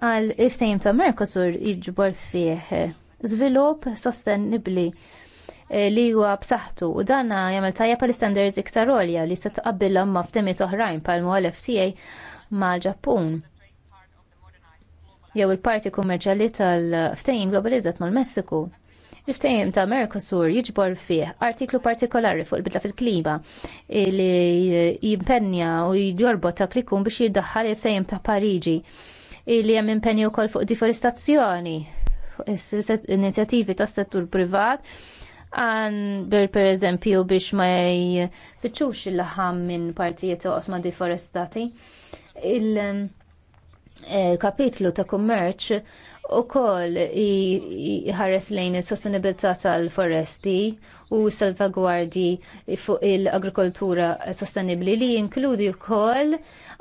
għal il-ftajim ta' Mercosur jġbor fih żvilupp sostenibbli eh, li huwa b'saħħtu u dan jagħmel tajja pal standards iktar għolja li se tqabbilhom ma' ftemiet oħrajn bħal tiegħi mal-Ġappun. Jew il-parti kummerċjali tal ftajim globalizzat mal-Messiku. il ftajim ta' Mercosur jiġbor fih artiklu partikolari fuq il-bidla fil-klima eh, li jimpenja u jorbot ta' klikum biex jiddaħħal il ftajim ta' Pariġi li hemm impenju wkoll fuq deforestazzjoni fuq inizjattivi tas-settur privat għan ber per eżempju biex ma jfittxux il-ħam minn partijiet osma deforestati. Il-kapitlu eh, ta' kummerċ u koll jħares lejn il-sostenibilità tal-foresti u salvagwardi fuq il-agrikoltura sostenibli li jinkludi wkoll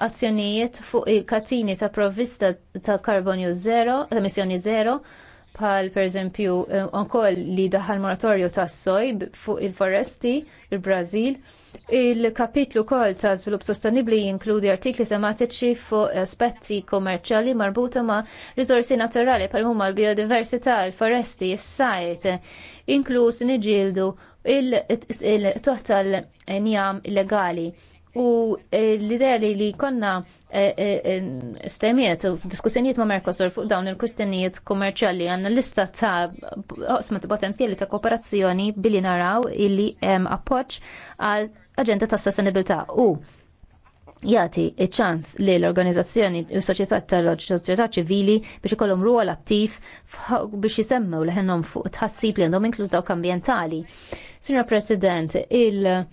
azzjonijiet fuq il-katini ta' provvista ta' karbonju zero, ta' emissjoni zero, bħal pereżempju wkoll eh, li daħal moratorju tas soj fuq il-foresti, il-Brazil, brażil Il-kapitlu kol ta' żvilupp sostenibbli jinkludi artikli tematiċi fuq aspetti kommerċjali marbuta ma' risorsi naturali pal huma l-biodiversità, il-foresti, is-sajt, inkluż niġildu il-total njam illegali. U eh, l-idea li li konna eh, eh, stemiet u diskussjonijiet ma' Mercosur fuq dawn il-kustenijiet kummerċali għanna lista ta' osmat potenzjali ta' kooperazzjoni billi naraw illi appoċ għal agenda ta' sostenibilità u jati ċans li l-organizzazzjoni u soċjetà tal-soċjetà ċivili biex ikollhom ruol attiv biex jisemmew leħenhom fuq tħassib li għandhom inkluż dawk Signor President, il-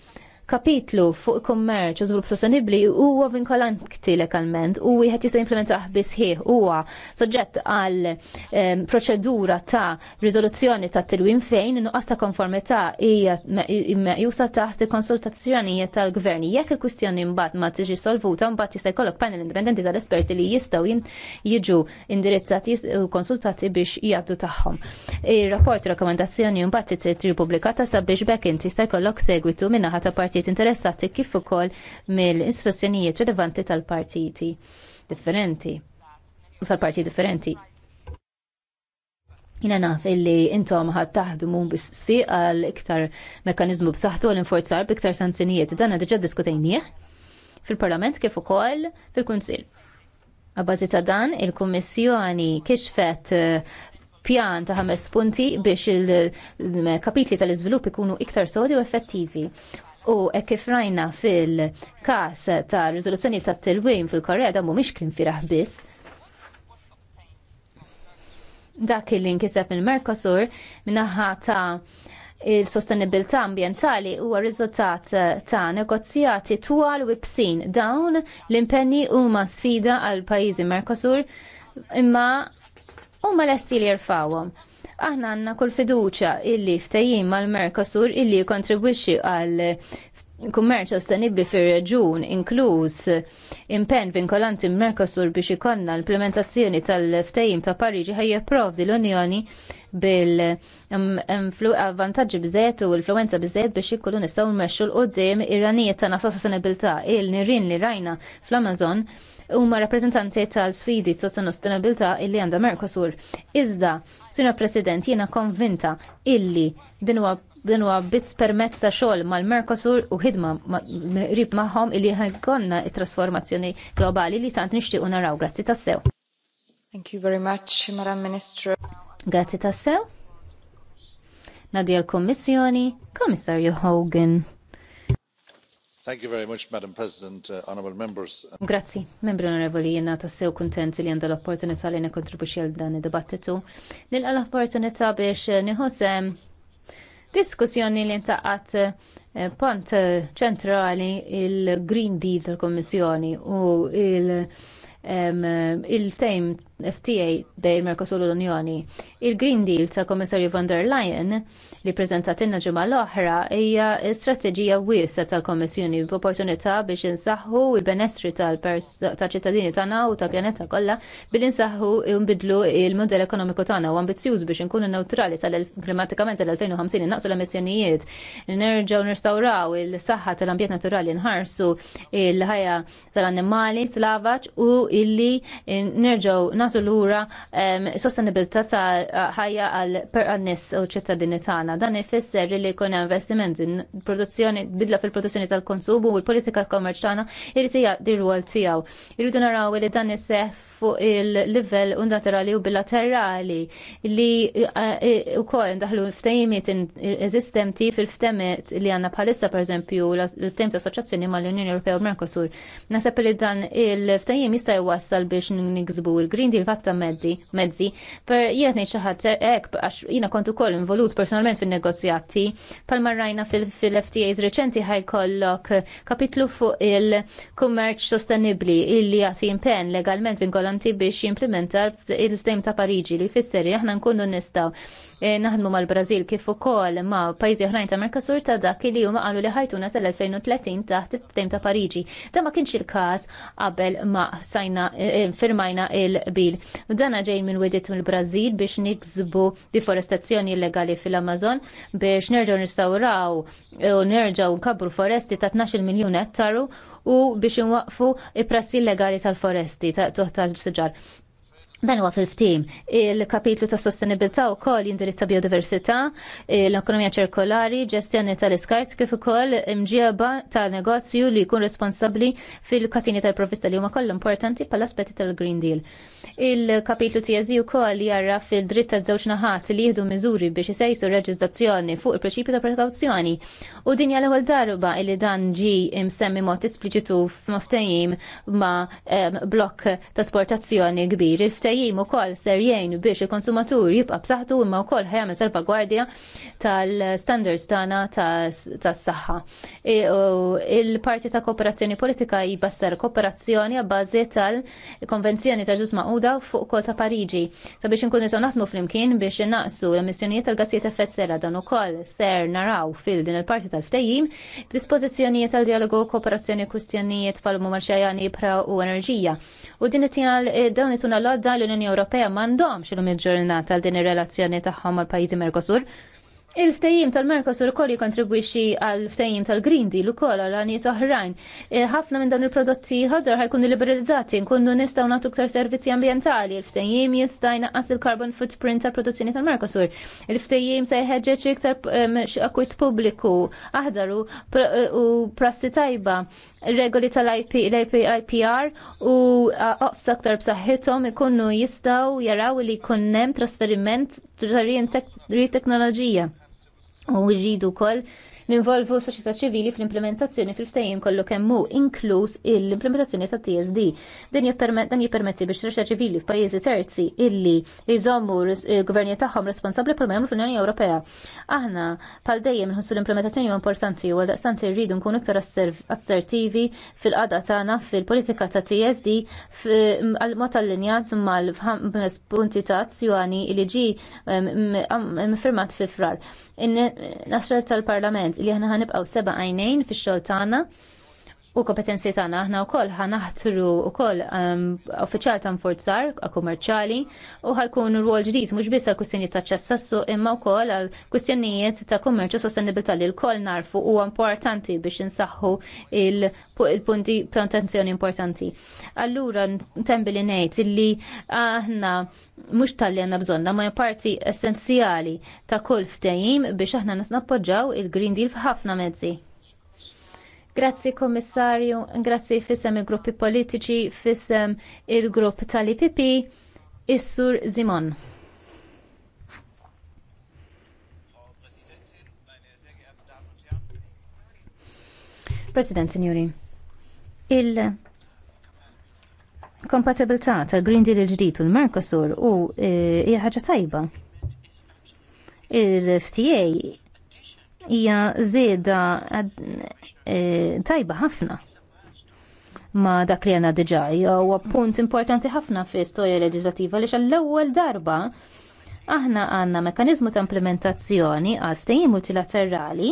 kapitlu fuq il-kummerċ u żvilupp sostenibbli huwa vinkolanti legalment u wieħed jista' jimplementah ħieh huwa soġġett għal ehm, proċedura ta' riżoluzzjoni ta' tilwim fejn nuqqas ta' konformità hija meqjusa taħt il-konsultazzjonijiet tal-gvern. Jekk il-kwistjoni mbagħad ma tiġi solvuta mbagħad jista' jkollok panel indipendenti tal-esperti li jistgħu jiġu indirizzati u konsultati biex jgħaddu tagħhom. Ir-rapport rakkomandazzjoni mbagħad titri pubblikata sabiex bekk inti jista' jkollok segwitu minnaħa ta' parti partit interessati kif ukoll mill-istituzzjonijiet rilevanti tal-partiti differenti. Sal-partiti differenti. Jina naf illi intom ħad taħdmu bis-sfiq għal iktar mekanizmu b'saħħtu għal inforzar b'iktar sanzjonijiet. Dan diġà diskutejnieh fil-Parlament kif ukoll fil-Kunsill. Għabbażi ta' dan, il-Kummissjoni kixfet eh, pjan ta' ħames punti biex il-kapitli eh, tal-iżvilupp ikunu iktar sodi u effettivi. U kif rajna fil-kas ta' riżoluzzjoni ta' tilwim fil-Korea da' mumiex kien firaħ biss. Dak li nkiseb il-Mercosur minnaħħa ta' il-sostenibilità ambientali huwa riżultat ta' negozjati twal u bsin dawn l-impenni huma sfida għal pajjiżi Mercosur imma huma lesti li jirfawom. Aħna għandna kull fiduċja illi ftehim mal-Merkosur illi kontribwixxi għal kummerċ sostenibbli fir-reġun inkluż impenn vinkolanti Merkosur biex ikollna l-implementazzjoni tal ftajim ta' Pariġi ħaj jipprovdi l-Unjoni bil mm, avvantagġi biżejjed u l influenza biżejjed biex nistaw nistgħu nmexxu l qoddim ir-ranijiet tagħna nasa sostenibilità il-nirien li rajna fl-Amazon huma rappreżentanti tal-sfidi sostenibilità illi għandha Mercosur. Iżda, Sina President, jiena konvinta illi din huwa din huwa bizz permezz ta' xogħol mal-Mercosur u ħidma rib magħhom illi ħajkonna it-trasformazzjoni globali li tant nixtiequ naraw. Grazzi tassew. Thank you very much, Madam Ministru. Grazzi tassew. Nadi l-Kommissjoni, Kommissarju Hogan. Thank you very much, Madam President, uh, honorable members. Grazzi, membri onorevoli, jenna tassew kontent li għanda l-opportunità li nekontribuċi għal dan id-dibattitu. Nilqa l-opportunità biex uh, nħosem um, diskussjoni li ntaqat uh, pont uh, ċentrali il-Green Deal tal-Kommissjoni u il- um, il FTA dej il-Merkosur l-Unjoni. Il-Green Deal ta' Komissarju von der Leyen li prezentatinna ġimgħa l-oħra hija strateġija wiesa tal-Komissjoni b'opportunità biex insaħħu il-benestri tal-ċittadini tagħna u tal-pjaneta kollha bil insaħħu nbidlu il-modell ekonomiku tagħna u ambizzjuż biex inkunu neutrali klimatikament tal-2050 naqsu l-emissjonijiet, nerġgħu nirstawraw il-saħħa tal-ambjent naturali nħarsu il-ħajja tal-annimali, slavaġ u illi nerġgħu nagħtu lura sostenibilità ta' ħajja għal nies u ċittadini tagħna. Dan ifisser li jkun hemm investimenti produzzjoni bidla fil-produzzjoni tal-konsum u l-politika kommerċ tagħna irid jgħaddi rwol tiegħu. Irridu naraw li dan isseħ fuq il-livell unilaterali u bilaterali li wkoll e, ndaħlu ftehimiet eżistenti fil ftemet li għandna bħalissa pereżempju l-ftehim ta' assoċjazzjoni mal-Unjoni Ewropea u Mercosur. Nasab li dan il-ftehim jista' jwassal biex niksbu il-Green għandi l-fatta mezzi per jiet xaħat, xi ħadd hekk għax jiena kont ukoll involut personalment fin-negozjati pal marrajna fil-FTAs reċenti ħajkollok kapitlu fuq il-kummerċ sostenibbli illi jagħti impenn legalment vinkolanti biex jimplementa il-ftehim ta' Parigi li jfisser li aħna nkunu nistgħu eh, naħdmu mal-Brażil kif ukoll ma' pajjiżi oħrajn ta' Merkasur ta' dak li huma qalu li ħajtuna tal-2030 taħt il-ftehim ta' Parigi. Da ma kienx il-każ qabel ma' sajna eh, firmajna il-bi fil-Brażil. U dana ġej minn wedit mill-Brażil biex niksbu deforestazzjoni illegali fil-Amazon biex nerġgħu nistawraw u nerġaw nkabru foresti ta' 12 miljun ettaru u biex nwaqfu i prassi illegali tal-foresti ta' tuħ tal-sġar. Dan huwa fil-ftim. Il-kapitlu ta' sostenibilità wkoll jindirizza biodiversità, l-ekonomija ċirkolari, ġestjoni tal-iskart kif ukoll imġieba ta' negozju li jkun responsabbli fil-katini tal provista li huma kollha importanti pal aspetti tal-Green Deal. Il-kapitlu tiegħi wkoll jarra fil-dritt taż-żewġ naħat li jieħdu miżuri biex isejsu reġistrazzjoni fuq il-prinċipju ta' prekawzjoni. U din hija l-ewwel darba li dan ġi msemmi mod espliċitu f'maftajim ma' eh, blokk ta' sportazzjoni kbir. il il-ftejjim ukoll ser jgħin biex il-konsumatur jibqa' b'saħħtu imma wkoll ħajjagħmel salvagwardja tal-standards tagħna tas-saħħa. E, il-parti ta' kooperazzjoni politika jibassar kooperazzjoni għabbażi tal-Konvenzjoni ta' Ġus Maquda fuq kol ta' Pariġi sabiex inkunu nisaw naħdmu flimkien biex innaqsu l-emissjonijiet tal-gassijiet effett serra dan ukoll ser naraw fil din il-parti tal-ftejjim b'dispożizzjonijiet tal-dialogu kooperazzjoni kwistjonijiet fal mumar pra u enerġija. U din it tjal dawn it-tuna l l-Unjoni Ewropea m'għandhomx illum il-ġurnata għal din ir-relazzjoni tagħhom mal-pajjiżi Mercosur Il-ftejim tal-Mercosur kol jikontribwixxi għal ftejim tal-Green Deal ukoll għal għaniet oħrajn. Eh, ħafna minn dawn il-prodotti ħadar ħajkunu liberalizzati, nkunu nistgħu nagħtu ktar servizzi ambjentali, il-ftejim jista' jnaqqas il-carbon footprint tal-produzzjoni tal-Mercosur. il ftajim se jħeġġeġ iktar ehm, akkwist pubbliku, aħdar eh, u prassi tajba, regoli tal-IPR u eh, oqs aktar b'saħħithom ikunu jistgħu jaraw li jkun hemm trasferiment tar teknoloġija u rridu kol ninvolvu soċjetà ċivili fl-implementazzjoni fil-ftehim kollu kemm hu inkluż l-implementazzjoni ta' TSD. Dan jippermetti biex soċjetà ċivili f'pajjiżi terzi illi jżommu l-gvernijiet eh, tagħhom responsabbli pal jagħmlu fl-Unjoni Ewropea. Aħna pal dejjem nħossu l-implementazzjoni importanti u għaldaqstant rridu nkunu iktar assertivi fil-qada tagħna fil-politika ta' TSD għal-mod tal-linjat mal-punti ta' azzjoni li ġi firmat fi frar. Nasser tal-Parlament li aħna ħanibqgħu seba' għajnejn fix-xogħol tagħna u kompetenzi tagħna aħna wkoll ħanaħtru wkoll ehm, uffiċjal ta' nfurzar kummerċjali u ħajkun rwol ġdid mhux biss għal kwistjonijiet ta' ċessassu imma wkoll għal kwistjonijiet ta' kummerċu sostenibilità li l narfu huwa importanti biex insaħħu il-punti ta' attenzjoni importanti. Allura tembi li ngħid li aħna mhux tal-li għandna bżonna ma' parti essenzjali ta' kull ftehim biex aħna nappoġġaw il-Green Deal f'ħafna mezzi Grazzi Kommissarju, grazzi fissem il-gruppi politiċi, fissem il-grupp tal-IPP, Issur Zimon. President, signori, il kompatibilità ta' Green Deal il-ġdid u l-Mercosur u eh, hija ħaġa tajba. Il-FTA hija żieda eh, tajba ħafna ma dak li għana diġa. U punt importanti ħafna fi storja leġislativa li għall-ewwel darba aħna għanna mekanizmu ta' implementazzjoni għal ftejim multilaterali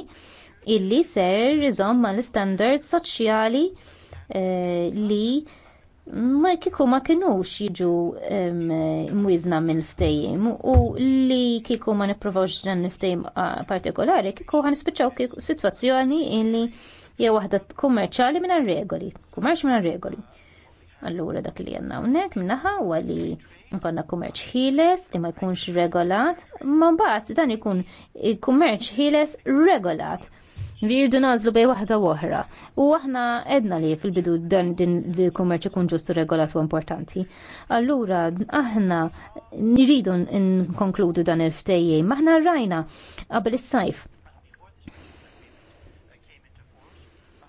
illi ser riżomm mal-standards soċjali eh, li ma kiku ma kinux jiġu mwizna minn ftejim u li kiku ma niprovawx dan ftejim partikolari kiku għan spiċaw situazzjoni illi hija waħda kummerċali minn regoli kummerċ minn regoli Allura dak li jenna unnek minnaħa u li nkonna kummerċ ħiles li ma jkunx regolat, ma mbagħad dan ikun kummerċ ħiles regolat Rridu nażlu bej waħda oħra. U aħna edna li fil-bidu dan din il-kummerċ ikun ġustu regolat u importanti. Allura aħna nridu nkonkludu dan il-ftejjej, maħna rajna qabel is-sajf.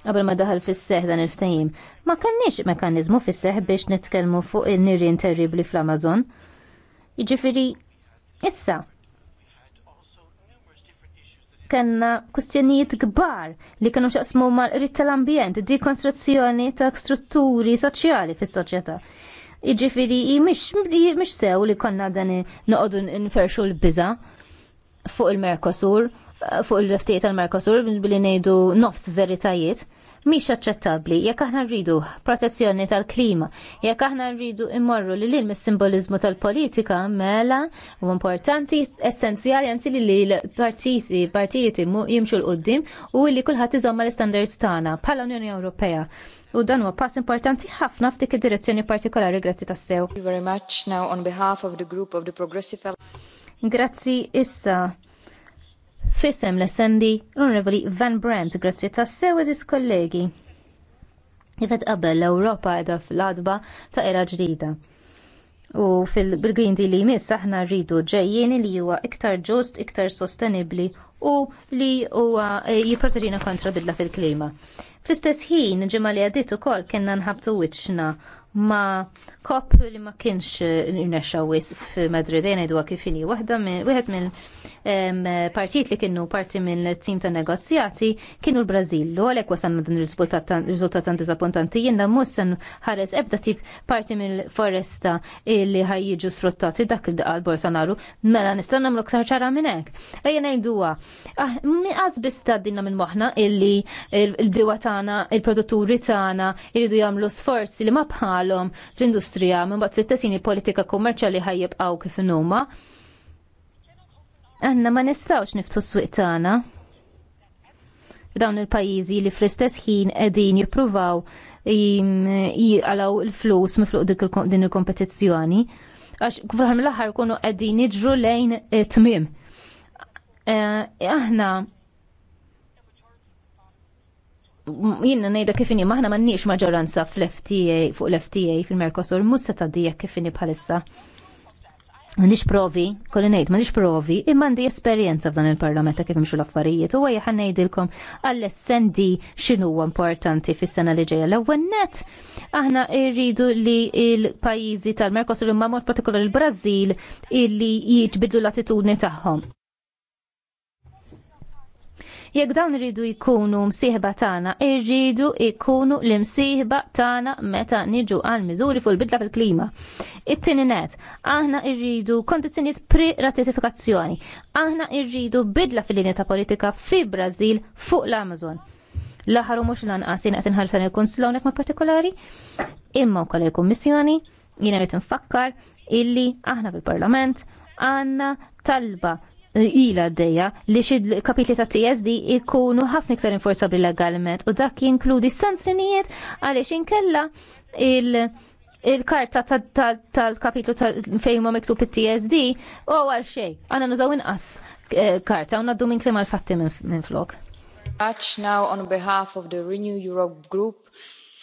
Qabel ma daħal fis-seħ dan il-ftejjim, ma kanniex mekanizmu fis-seħ biex nitkellmu fuq in-nirien terribli fl-Amazon. Jiġifieri issa kellna kustjonijiet kbar li kienu xaqsmu ma rrit tal-ambjent, dekonstruzzjoni ta' strutturi soċjali fis-soċjetà. Iġifiri, mhix sew li konna dan noqogħdu nferxu l-biża fuq il-Merkosur, fuq il-ftijiet tal-Merkosur billi ngħidu nofs veritajiet mhix aċċettabbli jekk aħna rridu protezzjoni tal-klima, jekk aħna rridu immorru li lil mis-simbolizmu tal-politika mela u importanti essenzjali anzi li l-partiti partiti jimxu l-qoddim u li kulħadd iżomma l-istandards tagħna bħala Unjoni Ewropea. U dan huwa pass importanti ħafna f'dik id-direzzjoni partikolari grazzi tassew. Thank you very much now on behalf of the group of the Progressive Grazzi issa Fisem l-essendi l-Onorevoli Van Brandt, grazzi ta' sewedis kollegi. Jifet qabel l-Europa edha fl-adba ta' era ġdida. U fil-Green Deal li jmiss aħna rridu ġejjien li huwa iktar ġust, iktar sostenibli u li huwa eh, jipproteġina kontra bidla fil-klima. Fl-istess ħin ġimgħa li għaddiet ukoll kellna nħabtu wiċċna ma kop li ma kienx nirnexxawis eh, f'Madrid jgħin idwa kif inhi waħda minn wieħed mill partijiet li kienu parti mill-tim ta' negozjati kienu l-Brażil. U għalhekk wasalna din riżultat tan diżappuntanti jiena mhux se ħares ebda tip parti mill-foresta li ħajjiġu sfruttati dak il daqal Bolsonaro, mela nista' nagħmlu aktar ċara minn hekk. Ejja ngħiduha, ah, qas biss tgħaddilna minn moħħna illi l-diwa tagħna, il-produtturi tagħna jridu jagħmlu sforzi li ma bħal tagħhom fl-industrija minn bad fit-tesini politika kummerċjali ħajjibqgħu kif huma. Aħna ma nistgħux niftu s-swieq tagħna f'dawn il-pajjiżi li fl-istess ħin qegħdin jippruvaw jgħalaw il-flus fluq din il-kompetizzjoni. Għax kufraħ mill-aħħar kunu qegħdin jiġru lejn tmiem. Eh, aħna jina nejda kifini maħna mannix maġoranza fl-FTA fuq l-FTA fil-Mercosur ta' dija kifini bħalissa. Għandix provi, kolli nejt, għandix provi, imma għandi esperienza f'dan il-parlament ta' kif imxu l-affarijiet u għajja ħan nejdilkom għall-essendi xinu importanti fis sena li ġeja. L-ewwel aħna irridu li il-pajizi tal-Mercosur imma mod partikolar il-Brażil illi jitbiddu l-attitudni tagħhom. Jekk dawn rridu jkunu msieħba tagħna, irridu jkunu l-imsieħba tagħna meta niġu għal miżuri fuq il-bidla fil-klima. It-tieni net, aħna rridu kondizzjonijiet pre-ratifikazzjoni. Aħna rridu bidla fil-linja ta' politika fi Brażil fuq l-Amazon. L-aħħar u mhux lanqas jien qed inħarsan il-Kunsill hawnhekk ma' partikolari, imma wkoll il-Kummissjoni, jien rrid nfakkar illi aħna fil-Parlament għandna talba ila d-deja li xid kapitli ta' TSD ikunu ħafna iktar inforzabli legalment u dak jinkludi sanzjonijiet għaliex inkella il- il-karta tal-kapitlu ta, ta, ta, ta, fejn ma miktub it-TSD u għal xej. Għana nużaw inqas eh, karta u naddu minn klima l-fatti minn flok. Touch now on behalf of the Renew Europe Group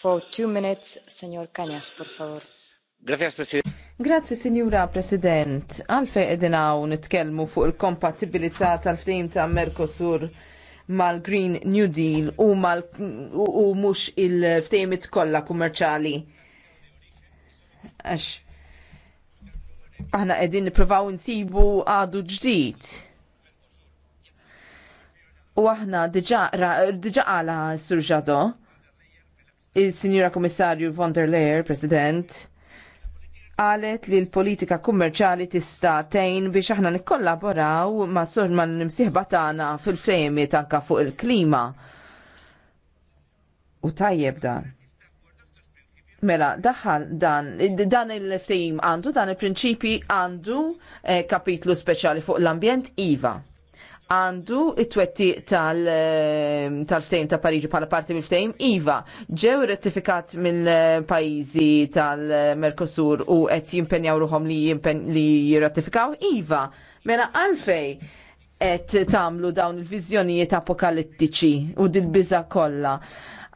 for two minutes, Senor Cañas, por favor. Grazie, President. Grazzi, Sinjura President. Għalfej edin għaw nitkelmu fuq il-kompatibilità tal-ftim ta' Mercosur mal-Green New Deal u, mal u, u mux il-ftejmit kollha kummerċali. Għax, aħna edin niprofaw nsibu għadu ġdijt. U aħna diġa għala surġado, il-Sinjura Komissarju von der Leyer, President, qalet li l-politika kummerċali tista' tgħin biex aħna nikkollaboraw ma' sur ma' nimsieħba tagħna fil-fremi tanka fuq il-klima. U tajjeb dan. Mela, daħal dan, dan il fejm għandu, dan il-prinċipi għandu eh, kapitlu speċjali fuq l-ambjent IVA għandu it-twetti ehm, tal-ftejm ta' Pariġi bħala parti mill-ftejm IVA ġew rettifikat mill-pajizi tal-Merkosur u qed jimpenjaw ruhom li li jirratifikaw IVA. Mela għalfej qed tagħmlu dawn il-viżjonijiet apokalittiċi u dil-biża kollha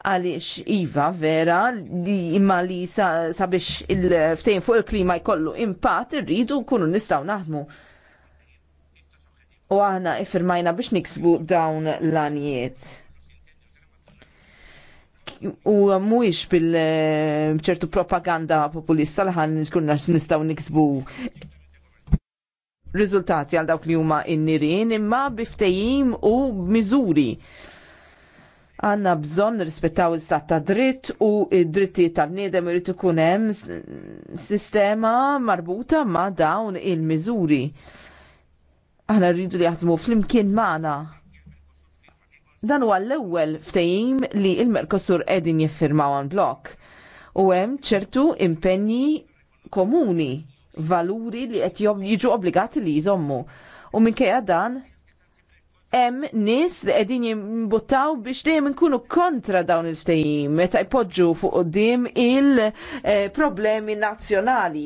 għaliex Iva vera li imma li sabiex il-ftejn fuq il-klima jkollu impatt irridu nkunu nistgħu naħdmu u aħna iffirmajna biex niksbu dawn l-anijiet. U mhuwiex bil-ċertu eh, propaganda populista li ħan niskunna nistgħu niksbu riżultati għal dawk li huma n-nirien imma biftejim u miżuri għanna bżon nirrispettaw il-stat ta' dritt u id-dritti tal-niedem irid ikun hemm sistema marbuta ma' dawn il-miżuri. Aħna rridu li jaħdmu fl-imkien magħna. Dan huwa l-ewwel ftehim li l-Merkosur qegħdin jiffirmaw għan blok. U hemm ċertu impenji komuni, valuri li qed jiġu obbligati li jżommu. U minkejja dan hemm nies li qegħdin jimbuttaw biex dejjem inkunu kontra dawn il-ftehim meta jpoġġu fuq qudiem il-problemi eh, nazzjonali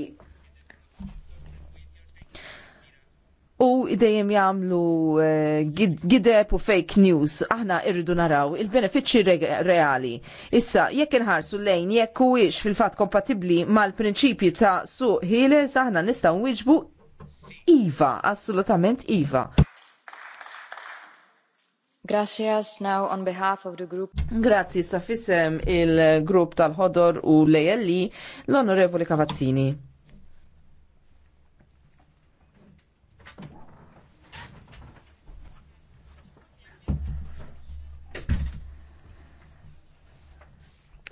u dejjem jagħmlu eh, gideb u fake news. Aħna irridu naraw il-benefiċċji reali. Issa jekk inħarsu lejn jekk huwiex fil-fatt kompatibbli mal-prinċipji ta' suq ħieles aħna nistgħu nwiġbu iva, assolutament iva. Gracias now on behalf of the group. Grazzi sa fissem il-grupp tal-ħodor u l l-Onorevoli Cavazzini.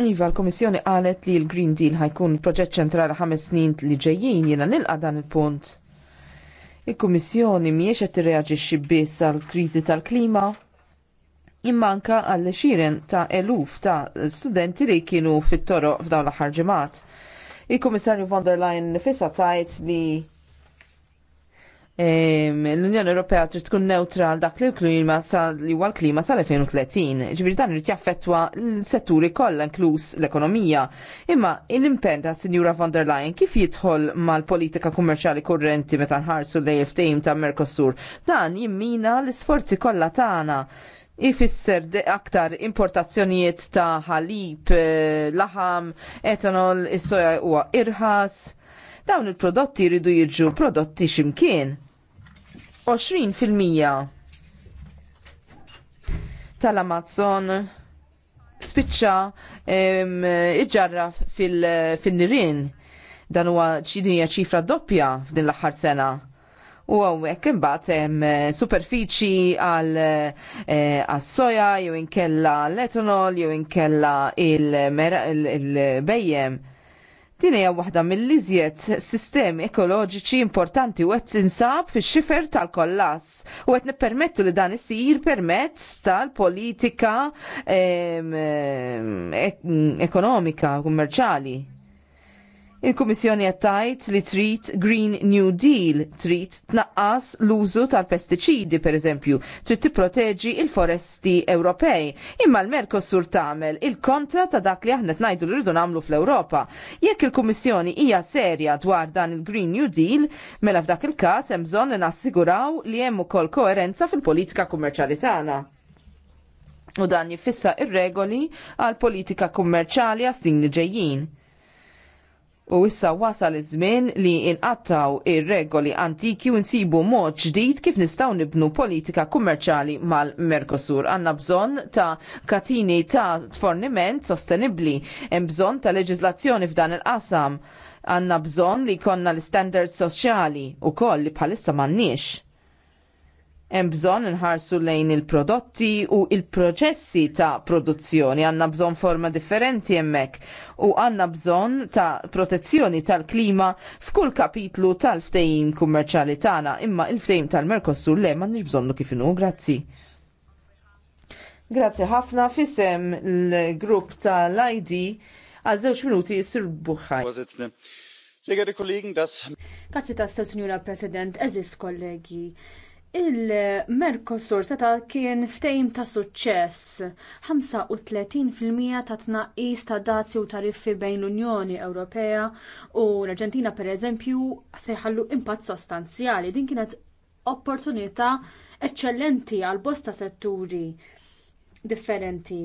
Iva, l-Komissjoni qalet li l-Green Deal ħajkun proġett ċentrali ħames snin li ġejjin jiena nilqa dan il-punt. Il-Kummissjoni mhijiex qed tirreaġixxi biss għall kriżi tal-klima, imma anke għall xiren ta' eluf ta' studenti li kienu fit-toroq f'dawn l-aħħar ġimgħat. Il-Kummissarju von der Leyen nifisha tajt li l-Unjoni Ewropea trid tkun neutral dak li l-klima li huwa l-klima sal-2030. Ġifieri dan irid jaffettwa l-setturi kollha inkluż l-ekonomija. Imma l-impenn ta' Sinjura von der Leyen kif jidħol mal-politika kummerċjali kurrenti meta nħarsu l-AFTM ta' Mercosur. Dan jimmina l-isforzi kollha tagħna ifisser aktar importazzjonijiet ta' ħalib, eh, laħam, etanol, is-soja huwa irħas. Dawn il-prodotti jridu jiġu prodotti ximkien. 20% tal-Amazon spiċċa iġġarraf fil-nirien. Dan huwa ċidinja ċifra doppja f'din l-aħħar sena. U imbagħad imbat eh, superfiċi għal eh, soja, jew inkella l-etanol, jew inkella il-bejjem. Din hija waħda mill-iżjed sistemi ekoloġiċi importanti u qed tinsab fix-xifer tal-kollass u qed nippermettu li dan isir permezz tal-politika ekonomika kummerċali. Il-Kummissjoni qed tgħid li trit Green New Deal, trid tnaqqas l-użu tal-pestiċidi pereżempju, trid tipproteġi l foresti Ewropej. Imma l-Merkosur tagħmel il-kontra ta' dak li aħna tnajdu li rridu nagħmlu fl-Ewropa. Jekk il-Kummissjoni hija serja dwar dan il-Green New Deal, mela f'dak il-każ hemm bżonn li nassiguraw li hemm ukoll koerenza fil-politika kummerċjali tagħna. U dan jifissa ir-regoli għal politika kummerċjali għas din li ġejjin U issa wasal iż-żmien li inqattaw ir-regoli antiki u nsibu mod ġdid kif nistgħu nibnu politika kummerċjali mal mercosur Għandna bżonn ta' katini ta' tforniment sostenibbli, hemm bżonn ta' leġiżlazzjoni f'dan il-qasam għanna bżonn li konna l standards soċjali u koll li bħalissa m'għandniex hemm bżonn inħarsu lejn il-prodotti u il-proċessi ta' produzzjoni għandna bżonn forma differenti hemmhekk u għandna bżonn ta' protezzjoni tal-klima f'kull kapitlu tal-ftehim kummerċjali tagħna imma il-ftehim tal-Merkosur le m'għandniex bżonnu kif inhu grazzi. Grazzi ħafna fisem l-grupp tal-ID għal żewġ minuti sir buħħaj. Segħeri kollegen, das. Grazzi ta' Sinjura President, Eżist kollegi Il-Mercosur seta kien ftejm ta' suċċess. 35% ta' tnaqqis ta' dazi u tariffi bejn l-Unjoni Ewropea u l-Arġentina pereżempju se jħallu impatt sostanzjali. Din kienet opportunità eċċellenti għal bosta setturi differenti.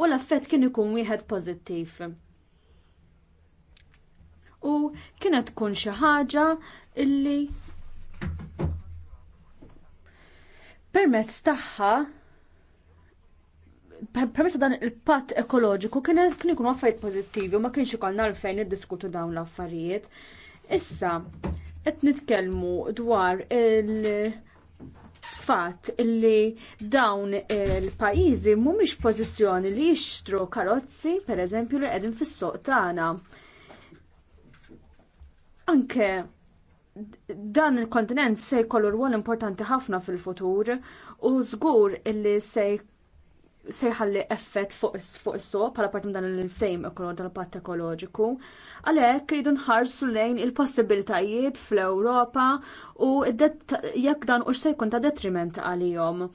U l-effett kien ikun wieħed pożittiv. U kienet tkun xi ħaġa illi Permezz tagħha permezz dan il-patt ekoloġiku kien kien ikun affarijiet pożittivi u ma kienx ikollna għalfejn niddiskutu dawn l-affarijiet. Issa qed nitkellmu dwar il- fatt li dawn il-pajjiżi mhumiex pożizzjoni li jixtru karozzi pereżempju li qegħdin fis-soq tagħna. Anke dan il-kontinent se jkollu rwol importanti ħafna fil-futur u żgur illi se jħalli effett fuq is-suq bħala parti dan il-fejm tal-patt ekoloġiku. Għalhekk rridu nħarsu lejn il-possibilitajiet fl-Ewropa u jekk dan hux se jkun ta' detriment għalihom.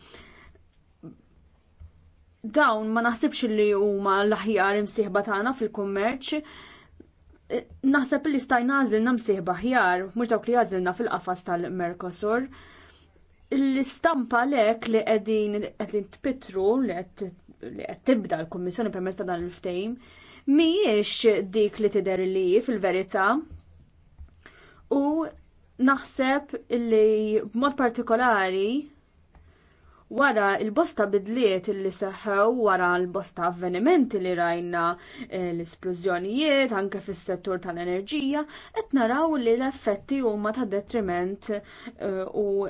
Dawn ma naħsibx li huma l-aħjar imsieħba tagħna fil-kummerċ, naħseb li stajna għażilna namsih baħjar, mhux dawk li għażilna fil-qafas tal-Mercosur. L-istampa lek li qegħdin qed tpittru li qed tibda l-Kummissjoni permezz ta' dan il-ftehim mhijiex dik li tidher li fil-verità. U naħseb li b'mod partikolari wara il-bosta bidliet li seħħew wara l-bosta avvenimenti li rajna eh, l-isplużjonijiet anke fis-settur tal-enerġija qed naraw li l-effetti huma ta' detriment eh, u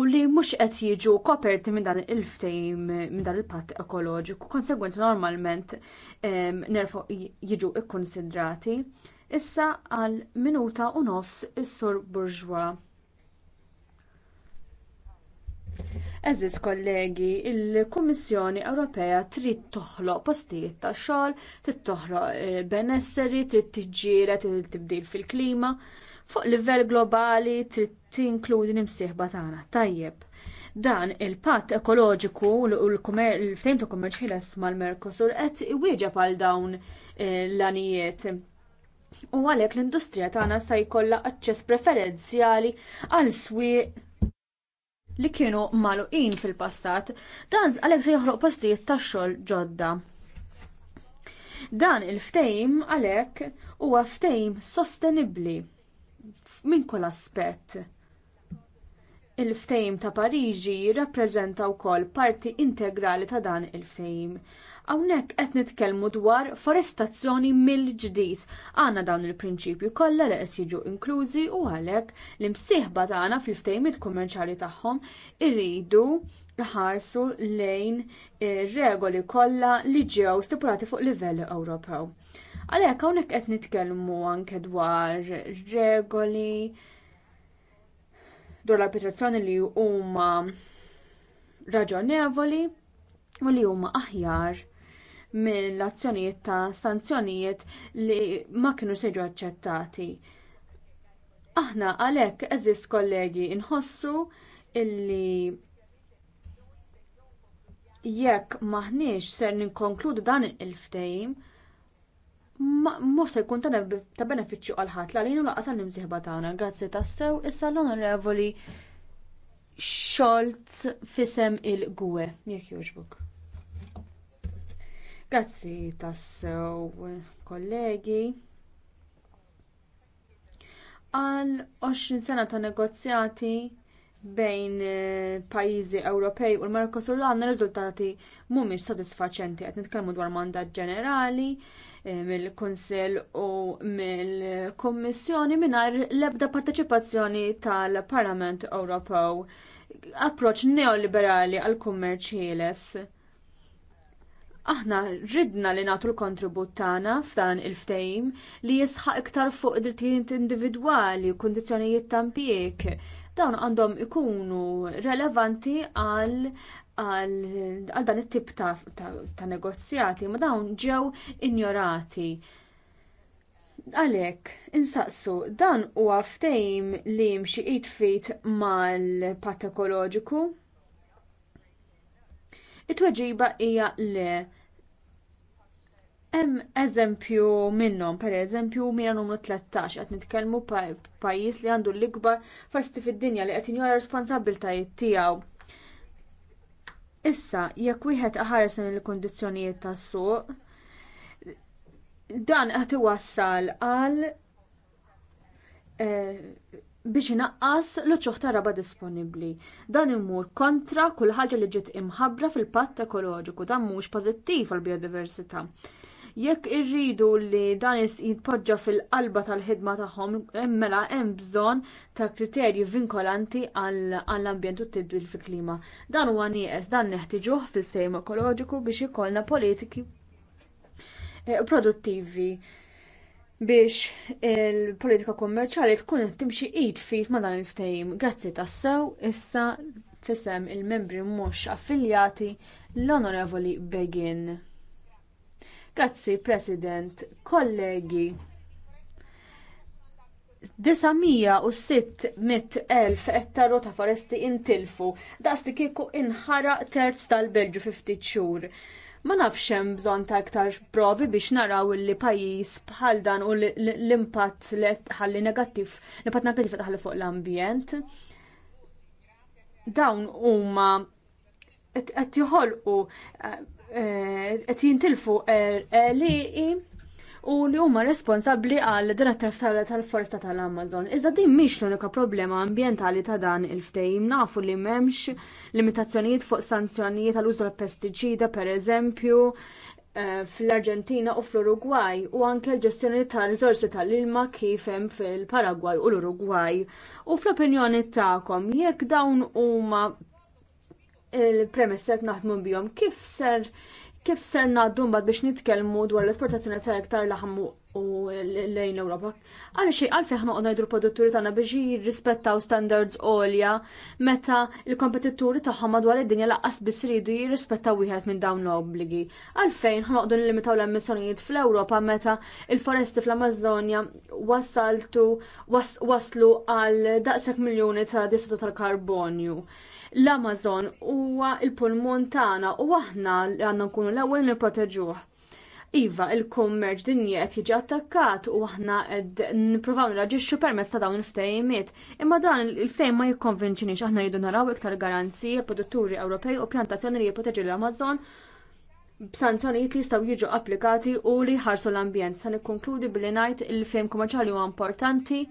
u li mhux qed jiġu koperti minn dan il-ftejm minn dan il-patt ekoloġiku, konsegwenzi normalment eh, jiġu ikkonsidrati. Issa għal minuta u nofs is-sur Bourgeois. Eżis kollegi, il-Kummissjoni Ewropea trid toħloq postijiet ta' xogħol, trid toħloq eh, benesseri, trid tiġġieled il-tibdil fil-klima, fuq livell globali trid tinkludi nimsieħba tagħna. Tajjeb. Dan il-patt ekoloġiku u l-ftehim ta' kummerċi ħieles mal-Merkosur qed iwieġeb għal dawn eh, l-anijiet. U għalhekk l-industrija tagħna se jkollha aċċess preferenzjali għal swieq li kienu magħluqin fil-passat, dan għalhekk se joħloq postijiet tax-xogħol ġodda. Dan il-ftejm għalhekk huwa ftejm sostenibbli minn kull aspett. Il-ftejm ta' Pariġi jirrappreżenta wkoll parti integrali ta' dan il-ftejm Hawnhekk qed nitkellmu dwar forestazzjoni mill-ġdid. Għandna dawn il-prinċipju kollha li qed jiġu inklużi u għalhekk l-imsieħba tagħna fil-ftehimiet kummerċjali tagħhom iridu ħarsu lejn ir-regoli kollha li ġew stipulati fuq livell Ewropew. Għalhekk hawnhekk qed nitkellmu anke dwar regoli dwar l-arbitrazzjoni li huma raġonevoli u li huma aħjar mill-azzjonijiet ta' sanzjonijiet li ma kienu se jiġu aċċettati. Aħna għalhekk eżis kollegi inħossu illi jekk maħniex ser ninkonkludu dan il-ftehim, mhux se jkun ta' benefiċċju għal ħadd l u laqas għal nimsieħba tagħna. Grazzi tassew issa l-Onorevoli Scholz fisem il-Gwe, jekk jogħġbok. Grazzi tassew kollegi. Għal 20 sena ta' negozjati bejn eh, pajjiżi Ewropej u l-Mercosur għanna riżultati mhumiex sodisfaċenti qed nitkellmu dwar mandat ġenerali eh, mill-Kunsill u mill-Kummissjoni mingħajr l-ebda parteċipazzjoni tal-Parlament Ewropew. Approċċ neoliberali għall kummerċ ħieles Aħna ridna li nagħtu l-kontribut tagħna f'dan il-ftehim li jisħaq iktar fuq drittijiet individwali u kundizzjonijiet ta' impjieg. Dawn għandhom ikunu relevanti għal għal dan it-tip ta, ta, ta' negozjati, ma dawn ġew injorati. Għalhekk, insaqsu, dan huwa għaftejm li jimxi id mal patekoloġiku it-tweġiba hija le Hemm eżempju minnhom, pereżempju mira numru 13 qed nitkellmu pajjiż li għandu l-ikbar forsi fid-dinja li qed jinjora responsabbiltajiet tiegħu. Issa jekk wieħed aħarsen il-kundizzjonijiet tas-suq, dan qed iwassal għal eh, biex inaqqas l uċċuħ ta' raba disponibbli. Dan imur kontra kull ħaġa li ġiet imħabbra fil-patt ekoloġiku, dan mhux pożittiv għall biodiversità Jekk irridu li dan jitpoġġa fil-qalba tal-ħidma tagħhom, mela hemm bżonn ta' kriterji vinkolanti għall-ambjent u t-tibdil fil-klima. Dan huwa nieqes dan neħtiġuh fil-ftehim ekoloġiku biex ikollna politiki e, produttivi biex il-politika kummerċjali tkun qed timxi id fit ma' dan il-ftehim. Grazzi tassew issa fisem il-membri mhux affiljati l-Onorevoli Begin. Grazzi, President, kollegi. 906.000 ettaru ta' foresti intilfu, daqs li kieku inħara terz tal-Belġu 50 xhur. Ma nafx hemm bżonn ta' iktar provi biex naraw li pajjiż bħal dan u l-impatt li ħalli negattiv, l-impatt negattif tħalli fuq l-ambjent. Dawn huma qed joħolqu eh, Eh, qed jintilfu eh, eh, li u li huma responsabbli għal din it tal-foresta tal-Amazon. Iżda din mhix l-unika problema ambjentali ta' dan il-ftehim. Nafu li m'hemmx limitazzjonijiet fuq sanzjonijiet tal użu tal-pestiċida pereżempju fl-Arġentina u fl-Urugwaj u anke l-ġestjoni ta' riżorsi tal-ilma kif hemm fil-Paragwaj u l-Urugwaj. U fl-opinjoni tagħkom jekk dawn huma il-premesset naħdmu bihom. Kif ser kif ser naddu mbagħad biex nitkellmu dwar l-esportazzjoni ta' iktar laħam u lejn Ewropa. Għal xejn għal fejn ħanoqgħod ngħidu produtturi tagħna biex jirrispettaw standards għolja meta l-kompetituri tagħhom madwar id-dinja laqqas biss iridu jirrispettaw wieħed minn dawn l-obbligi. Għalfejn ħanoqdu nlimitaw l-emissjonijiet fl-Ewropa meta il-foresti fl-Amazzonja wasaltu waslu għal daqshekk miljuni ta' dissidu tal-karbonju. L-Amazon huwa il-pulmon tagħna u aħna għandna nkunu l-ewwel nipproteġuh. Iva, il-kummerċ dinji qed jiġi attakkat u aħna qed nippruvaw nirraġixxu permezz ta' dawn il-ftehimiet. Imma dan il-ftehim ma jikkonvinċinix aħna jridu naraw iktar garanzija produtturi Ewropej u pjantazzjoni li jipproteġi l-Amazon b'sanzjonijiet li jistgħu jiġu applikati u li jħarsu l-ambjent. Sa nikkonkludi billi ngħid il-fejm kummerċjali huwa importanti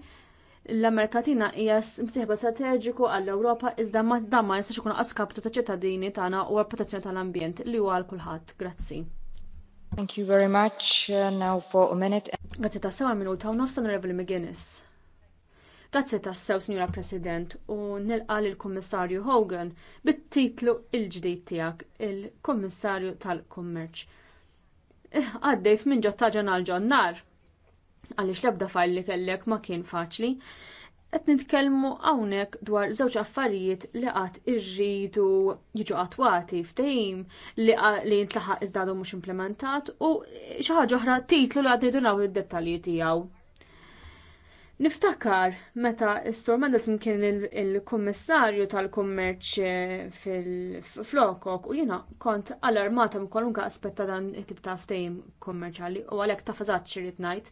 l-Amerikatina hija msieħba strateġiku għall-Ewropa iżda ma dan ma jistax ikun qaskaptu ta' ċittadini tagħna u għall-protezzjoni tal-ambjent li huwa għal kulħadd. Grazzi. Thank you very much. Uh, now for a minute. Grazzi ta' sew minuta u nofs Onorevoli McGuinness. Grazzi ta' sew, Signora President, u nilqa lill kummissarju Hogan bit-titlu il-ġdid tiegħek, il-Kummissarju tal-Kummerċ. Eh, għaddejt minn ġottaġa għal ġonnar għaliex l-ebda fajl li kellek ma kien faċli. Qed nitkellmu hawnhekk dwar żewġ affarijiet li qatt irridu jiġu attwati ftehim li li jintlaħaq iżda mhux implementat u xi ħaġa oħra titlu li ngħidu nidunaw id-dettalji tiegħu. Niftakar meta Storm Mendelson kien il-kummissarju tal-kummerċ fl flokok u jiena kont allarmata minn kwalunkwe aspett ta' dan it-tip ta' ftehim kummerċali u għalhekk ta' fażat xirrid ngħid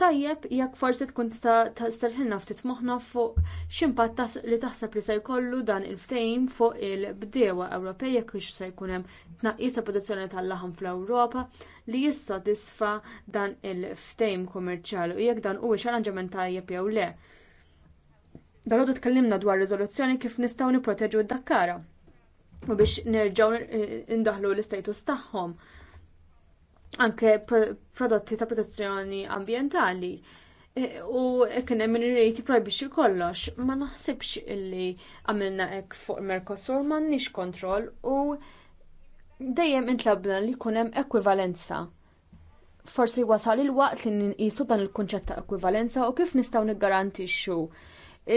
tajjeb jekk forsi tkun tista' sterħilna ftit moħħna fuq x'impatt li taħseb li se jkollu dan il-ftehim fuq il-bdewa Ewropej jekk se jkun hemm tnaqqis ta' produzzjoni tal-laħam fl-Ewropa li jissodisfa dan il-ftehim kummerċjali u jekk dan huwiex arranġament tajjeb jew le. Dalodu tkellimna dwar riżoluzzjoni kif nistgħu nipproteġu d-dakkara u biex nerġgħu eh, indaħlu l-istatus tagħhom anke prodotti ta' protezzjoni ambjentali e, u kien hemm irrid jipprojbixxi kollox, ma naħsibx illi għamilna hekk fuq Mercosur m'għandniex kontroll u dejjem intlabna li jkun hemm ekwivalenza. Forsi wasal il-waqt li nqisu dan il-kunċett ta' ekwivalenza u kif nistgħu niggarantixxu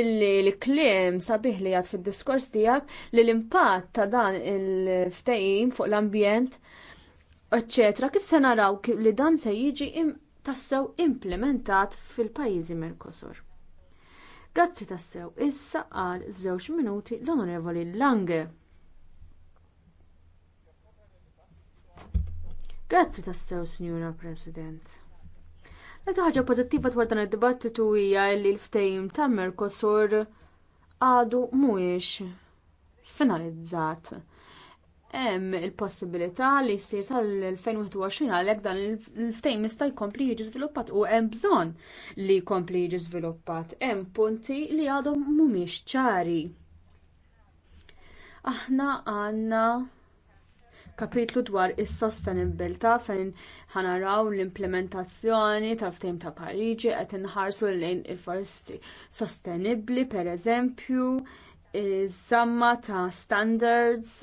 illi l-kliem sabiħ li jgħad fid-diskors tiegħek li l-impatt ta' dan il-ftehim fuq l-ambjent eċċetera, kif se naraw li dan se jiġi tassew implementat fil-pajjiżi Mercosur. Grazzi tassew, issa għal żewġ minuti l-Onorevoli Lange. Grazzi tassew, Signora President. l ħaġa pozittiva dwar dan id-dibattitu hija li l-ftejm ta' Mercosur għadu mhuwiex finalizzat hemm il-possibilità li jsir sal-2021 għalhekk dan il-ftehim jista' jkompli jiġi żviluppat u hemm bżonn li jkompli jiġi żviluppat. Hemm punti li għadhom mhumiex ċari. Aħna għandna kapitlu dwar is-sostenibilità fejn ħanaraw l-implementazzjoni tal-ftehim ta' Pariġi qed inħarsu lejn il-foresti sostenibbli pereżempju iż-żamma ta' standards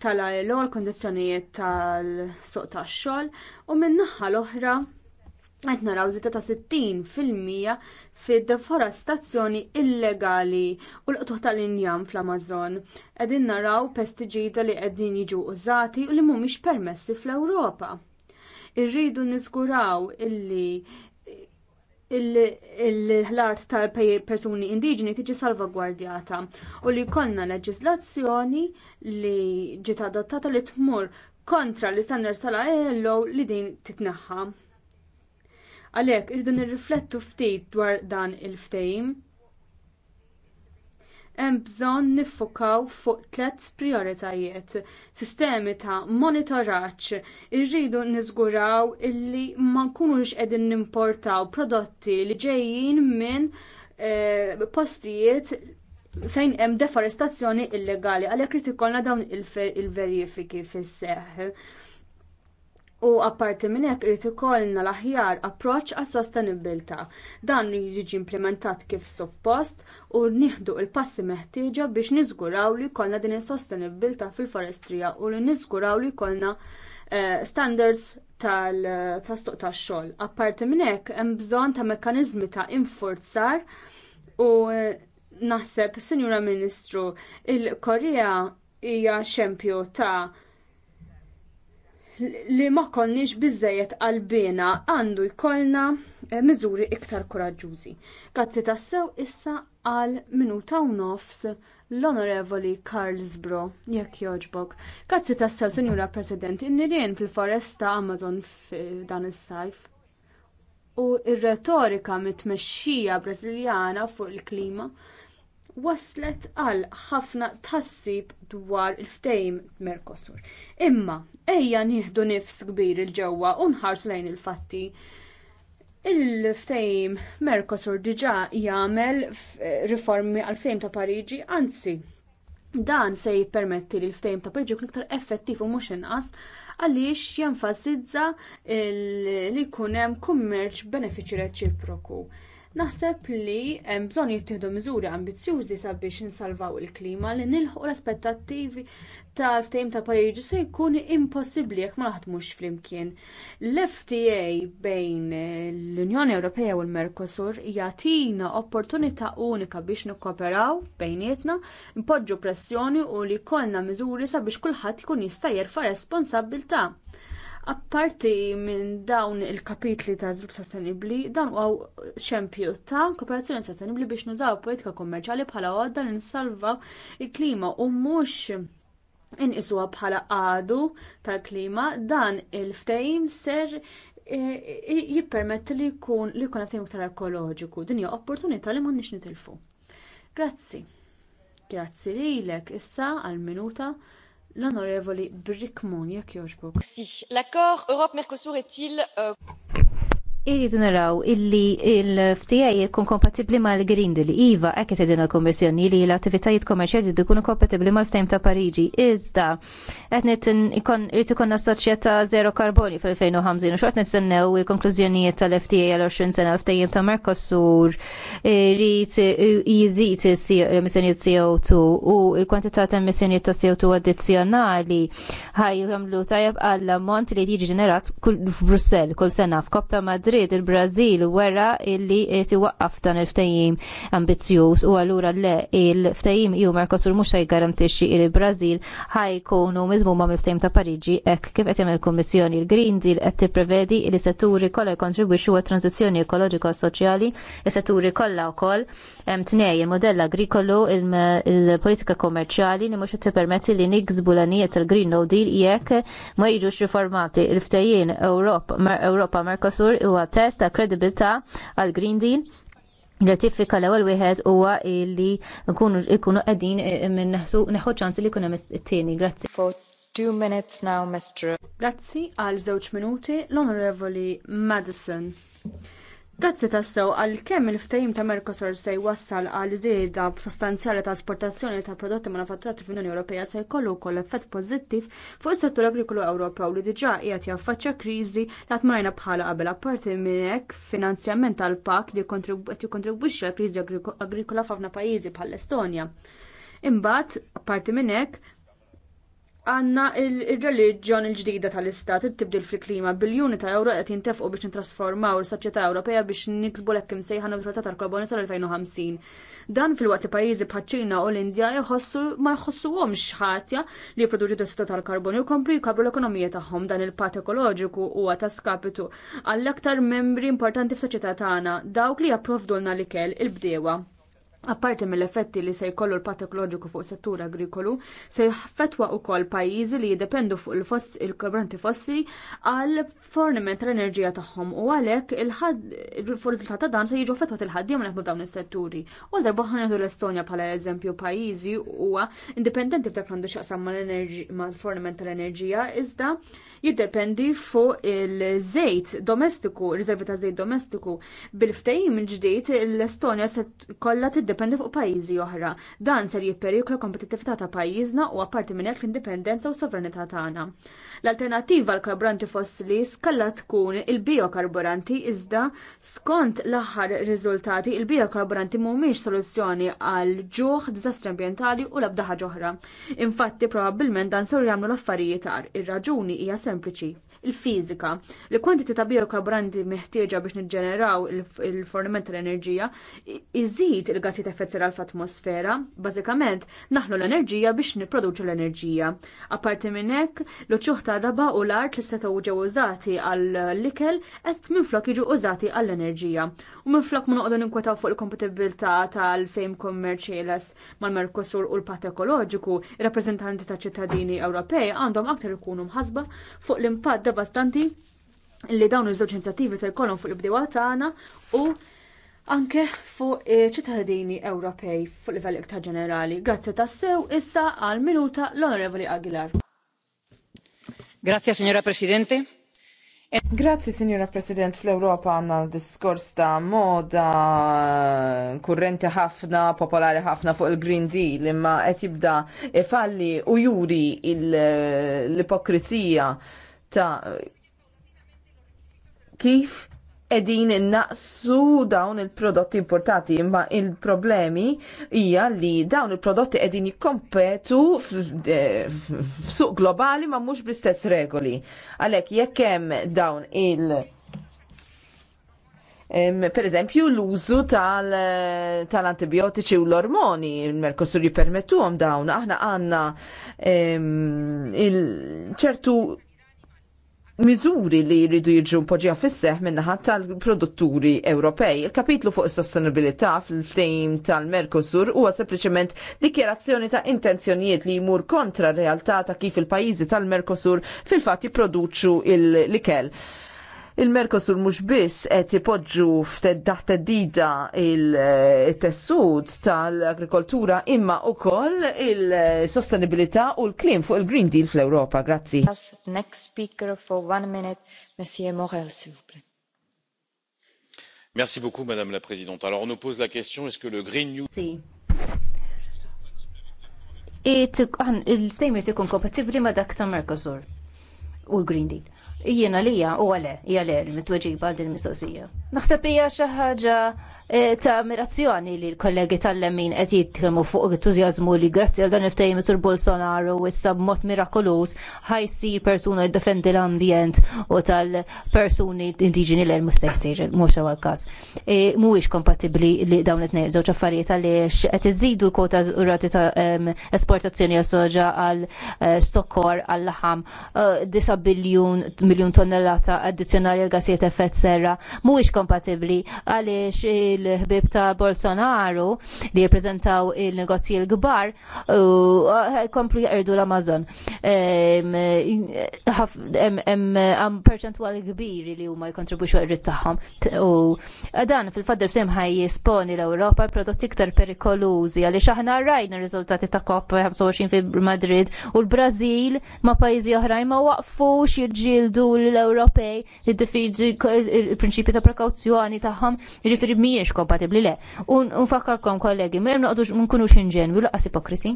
tal-ILO, l-kondizjonijiet tal-suq tax-xogħol u min-naħa l-oħra qed naraw żieda ta' 60 fil-mija fid-deforestazzjoni illegali u l-qtuħ tal-injam fl-Amazon. Qegħdin naraw pestiġida li qegħdin jiġu użati u li mhumiex permessi fl-Ewropa irridu niżguraw illi il art tal persuni indiġeni tiġi salvagwardjata u li jkollna leġiżlazzjoni li ġiet adottata li tmur kontra l-istandards tal-ILO li din titneħħa. Għalhekk irridu nirriflettu ftit dwar dan il-ftehim hemm bżonn niffokaw fuq tliet prijoritajiet. Sistemi ta' monitoraġġ irridu niżguraw illi ma nkunux qegħdin nimportaw prodotti li ġejjin minn eh, postijiet fejn hemm deforestazzjoni illegali għalhekk irid ikollna dawn il-verifiki fis-seħħ. U apparti minn hekk irid ikollna l-aħjar approċċ għas sostenibilità. Dan jiġi implementat kif suppost u nieħdu l-passi meħtieġa biex niżguraw li jkollna din is-sostenibilità fil-forestrija u li niżguraw li jkollna eh, standards tal-tastuq tax-xogħol. Apparti minn hekk hemm bżonn ta' mekkaniżmi ta' infurzar u eh, naħseb, Sinjura Ministru, il-Korea hija xempju ta' li ma konniex bizzejiet qalbina għandu jkollna eh, miżuri iktar koraġġużi. Grazzi tassew issa għal minuta u nofs l-Onorevoli Carlsbro, jekk joġbok. Grazzi tassew, Sinjura President, innirien fil-foresta Amazon f'dan is-sajf. U ir-retorika mit-tmexxija Brażiljana fuq il-klima waslet għal ħafna tħassib dwar il-ftehim Mercosur. Imma ejja nieħdu nifs kbir il ġewwa u nħarsu lejn il-fatti. Il-ftehim Mercosur diġà jagħmel riformi għal ftehim ta' Pariġi, anzi dan se jippermetti li l-ftehim ta' Pariġi jkun iktar effettiv u mhux inqas għaliex jenfasizza li jkun hemm kummerċ benefiċi reċiproku. Naħseb li hemm bżonn jittieħdu miżuri ambizzjużi sabiex insalvaw il-klima li nilħu l-aspettattivi tal-ftehim ta' Pariġi se jkun impossibbli jekk ma naħdmux flimkien. L-FTA bejn l-Unjoni Ewropea u l-Mercosur jagħtina opportunità unika biex nikkoperaw bejnietna, npoġġu pressjoni u li jkollna miżuri sabiex kulħadd ikun jista' jerfa' responsabbiltà. Apparti minn dawn il-kapitli ta' żvilupp sostenibbli, dan huwa xempju ta' kooperazzjoni sostenibbli biex nużaw politika kummerċjali bħala għodda li nsalvaw il-klima u mhux inqisuha bħala għadu tal-klima, dan il-ftehim ser e, e, jippermetti li jkun li jkun ftehim iktar ekoloġiku. Din hija opportunità li m'għandniex nitilfu. Grazzi. Grazzi lilek issa għal minuta l-onorevoli brickmont jekk jogħġbok. l'accord europe mercosur est il euh, Irridu naraw illi il-FTA jkun kompatibbli mal-Green Deal. Iva, hekk qed edina l-Kommissjoni li l-attivitajiet kommerċjali jridu jkunu kompatibbli mal-ftehim ta' Pariġi. Iżda qed irid ikonna soċjetà zero karboni fil-2050 u xort nistennew il-konklużjonijiet tal-FTA għal 20 sena l-ftehim ta' Mercosur irid jiżid emissjonijiet CO2 u l-kwantità ta' emissjonijiet ta' CO2 addizzjonali ħaj jagħmlu tajjeb għall-ammont li jiġi ġenerat kull f'Brussell kull sena f'Kopta' ta' Madrid dritt il-Brażil wera illi irid iwaqqaf dan il ftajim ambizzjuż u allura le il ftajim ju Mercosur mhux se jgarantixxi li l-Brażil ħajkunu miżmuma mill ftajim ta' Pariġi hekk kif qed jagħmel il-Kummissjoni. Il-Green Deal qed tipprevedi li setturi kollha jkontribwixxu għat-tranzizzjoni ekoloġika u soċjali, is-setturi kollha wkoll hemm tnej il-modell agrikolu il-politika kommerċjali li mhux qed tippermetti li niksbu l-għanijiet tal-Green No Deal jekk ma jiġux riformati il-ftehim Europa Mercosur huwa huwa test ta' kredibilità għal Green Deal Gratifika l-ewwel wieħed huwa li nkunu jkunu qegħdin eh, minn neħu ċans li jkun hemm it-tieni. Grazzi. For two minutes now, Mr. Grazzi għal żewġ minuti l-Onorevoli Madison. Grazzi tassew għal kemm il ftehim ta' Mercosur se jwassal għal żieda sostanzjali ta' esportazzjoni ta' prodotti manufatturati fl-Unjoni Ewropea se jkollu wkoll effett pożittiv fuq is-settur agrikolu Ewropew li diġà qiegħed jaffaċċja kriżi li qed marajna bħala qabel apparti minn hekk finanzjament tal pak li qed jikkontribwixxi għall kriżi agrikola f'ħafna pajjiżi bħall-Estonja. Imbagħad, apparti minn hekk, għanna il-reliġjon il-ġdida tal-istat tibdil fil-klima biljuni ta' euro qed jintefqu biex nitrasformaw is-soċjetà Ewropea biex niksbu l-hekk imsejħa neutralità tal-karbonju sal-2050. Dan fil-waqt li pajjiżi bħaċ-Ċina u l-Indja jħossu ma jħossuhomx ħatja li jipproduċu tossito tal-karbonju jkomplu jkabru l-ekonomija tagħhom dan il-patt ekoloġiku huwa ta' skapitu għall-aktar membri importanti f'soċjetà tagħna dawk li japprovdulna l-ikel il-bdewa Apparti mill-effetti li se jkollu l patek loġiku fuq settur agrikolu, se jaffetwa wkoll pajjiżi li jiddependu fuq il-karburanti fossili għal forniment tal-enerġija tagħhom u għalhekk il-riżultat ta' dan se jiġu affettwat il-ħaddiem naħdmu dawn is-setturi. U darba ħanedu l-Estonja bħala eżempju pajjiżi huwa indipendenti f'dak għandu x'aqsam mal-forniment tal-enerġija iżda jiddependi fuq il-żejt domestiku, riservi ta' żejt domestiku. Bil-ftehim il-ġdid l-Estonja se kollha jiddependi fuq pajjiżi oħra. Dan ser jipperikla kompetittività ta' pajjiżna u apparti minn hekk l-indipendenza u sovranità tagħna. L-alternattiva għall karburanti fossili skalla tkun il-biokarburanti iżda skont l-aħħar riżultati il-biokarburanti mhumiex soluzzjoni għal ġuħ, diżastri ambjentali u l-abdaħa ġoħra. Infatti probabbilment dan ser jagħmlu l-affarijiet agħar. Ir-raġuni hija sempliċi il-fiżika. il kwantità ta' biokarburanti meħtieġa biex niġġeneraw il-forniment tal-enerġija iżid il-gassi ta' effett serra fl-atmosfera, bażikament naħlu l-enerġija biex nipproduċu l-enerġija. Apparti minn hekk, l uċċuħ tar-raba u l-art li setgħu ġew użati għall-ikel qed minflok jiġu użati għall-enerġija u minflok ma noqogħdu ninkwetaw fuq il-kompatibilità tal-fejm kommerċieles mal-Merkosur u l-patt ekoloġiku, ir-rappreżentanti ta' ċittadini Ewropej għandhom aktar ikunu mħasba fuq l-impatt devastanti li dawn iż-żewġ inizjattivi se jkollhom fuq il-bdiewa tagħna u anke fuq eh, ċittadini Ewropej fuq livell iktar ġenerali. Grazzi tassew issa għal minuta l-Onorevoli Aguilar. Grazie, signora Presidente Grazzi, Signora President, fl-Europa għanna diskors ta' moda kurrenti ħafna, popolari ħafna fuq il-Green Deal, imma qed jibda falli u juri l-ipokrizija ta' kif edin naqsu dawn il-prodotti importati imma il-problemi hija li dawn il-prodotti edin jikkompetu f'suq globali ma mhux bl-istess regoli. Għalhekk jekk hemm dawn il- Um, per eżempju l-użu tal-antibiotiċi tal u l-ormoni, il-Merkosur jipermettu għom dawn, aħna għanna um, il-ċertu miżuri li jridu jiġu mpoġġija fis min minnaħat tal-produtturi Ewropej. Il-kapitlu fuq is-sostenibilità fil ftehim tal-Mercosur huwa sempliċement dikjerazzjoni ta' intenzjonijiet li jmur kontra realtà ta' kif il-pajjiżi tal-Mercosur fil-fatt jipproduċu il-likel. l-ikel. il likel il-Merkosur mhux biss qed ipoġġu taħt dida il tessut tal-agrikoltura imma wkoll il-sostenibilità u l-klim fuq il-Green Deal fl-Ewropa. Grazzi. Next speaker for one minute, Monsieur Morel, s'il vous plaît. Merci beaucoup, Madame la Présidente. Alors, on nous pose la question, est-ce que le Green New... Si il-tejmir ikun kompatibbli ma dak ta' Mercosur u l-Green Deal jiena lija u għale, jgħale, mitweġiba għal din mistoqsija. Naħseb hija xi ħaġa E, ta' ammirazzjoni li l-kollegi tal-lemmin qed jitkellmu fuq entużjażmu li grazzi għal dan il-ftehim sur Bolsonaro u issa b'mod mirakolos ħajsir persuna jiddefendi l-ambjent u tal-persuni indiġeni l mhux se mhux hawn każ. E, mhuwiex kompatibbli li dawn it-tnejn żewġ affarijiet għaliex qed iżidu l-kwota rati ta' esportazzjoni għas-soġa għal e, sokkor għal laħam 9 biljun miljun tonnellata addizzjonali għal gassijiet effett serra mhuwiex kompatibbli għaliex il-ħbib ta' Bolsonaro li jirprezentaw il-negozji l-kbar uh, komplu jgħirdu l-Amazon. Hemm perċentwali kbiri li huma jkontribuċu għirrit taħħom. tagħhom. U dan fil-fadder sem ħaj jisponi l europa prodotti iktar perikolużi għaliex aħna rajna rizultati ta' COP25 fi Madrid u l-Brażil ma' pajjiżi oħrajn ma waqfux jiġġieldu l-Ewropej id difidzi il-prinċipju ta' prekawzjoni tagħhom, jiġifieri kienx kompatibbli le. U nfakkarkom kollegi, mejn noqgħodux nkunux inġenwi laqas ipokrisi.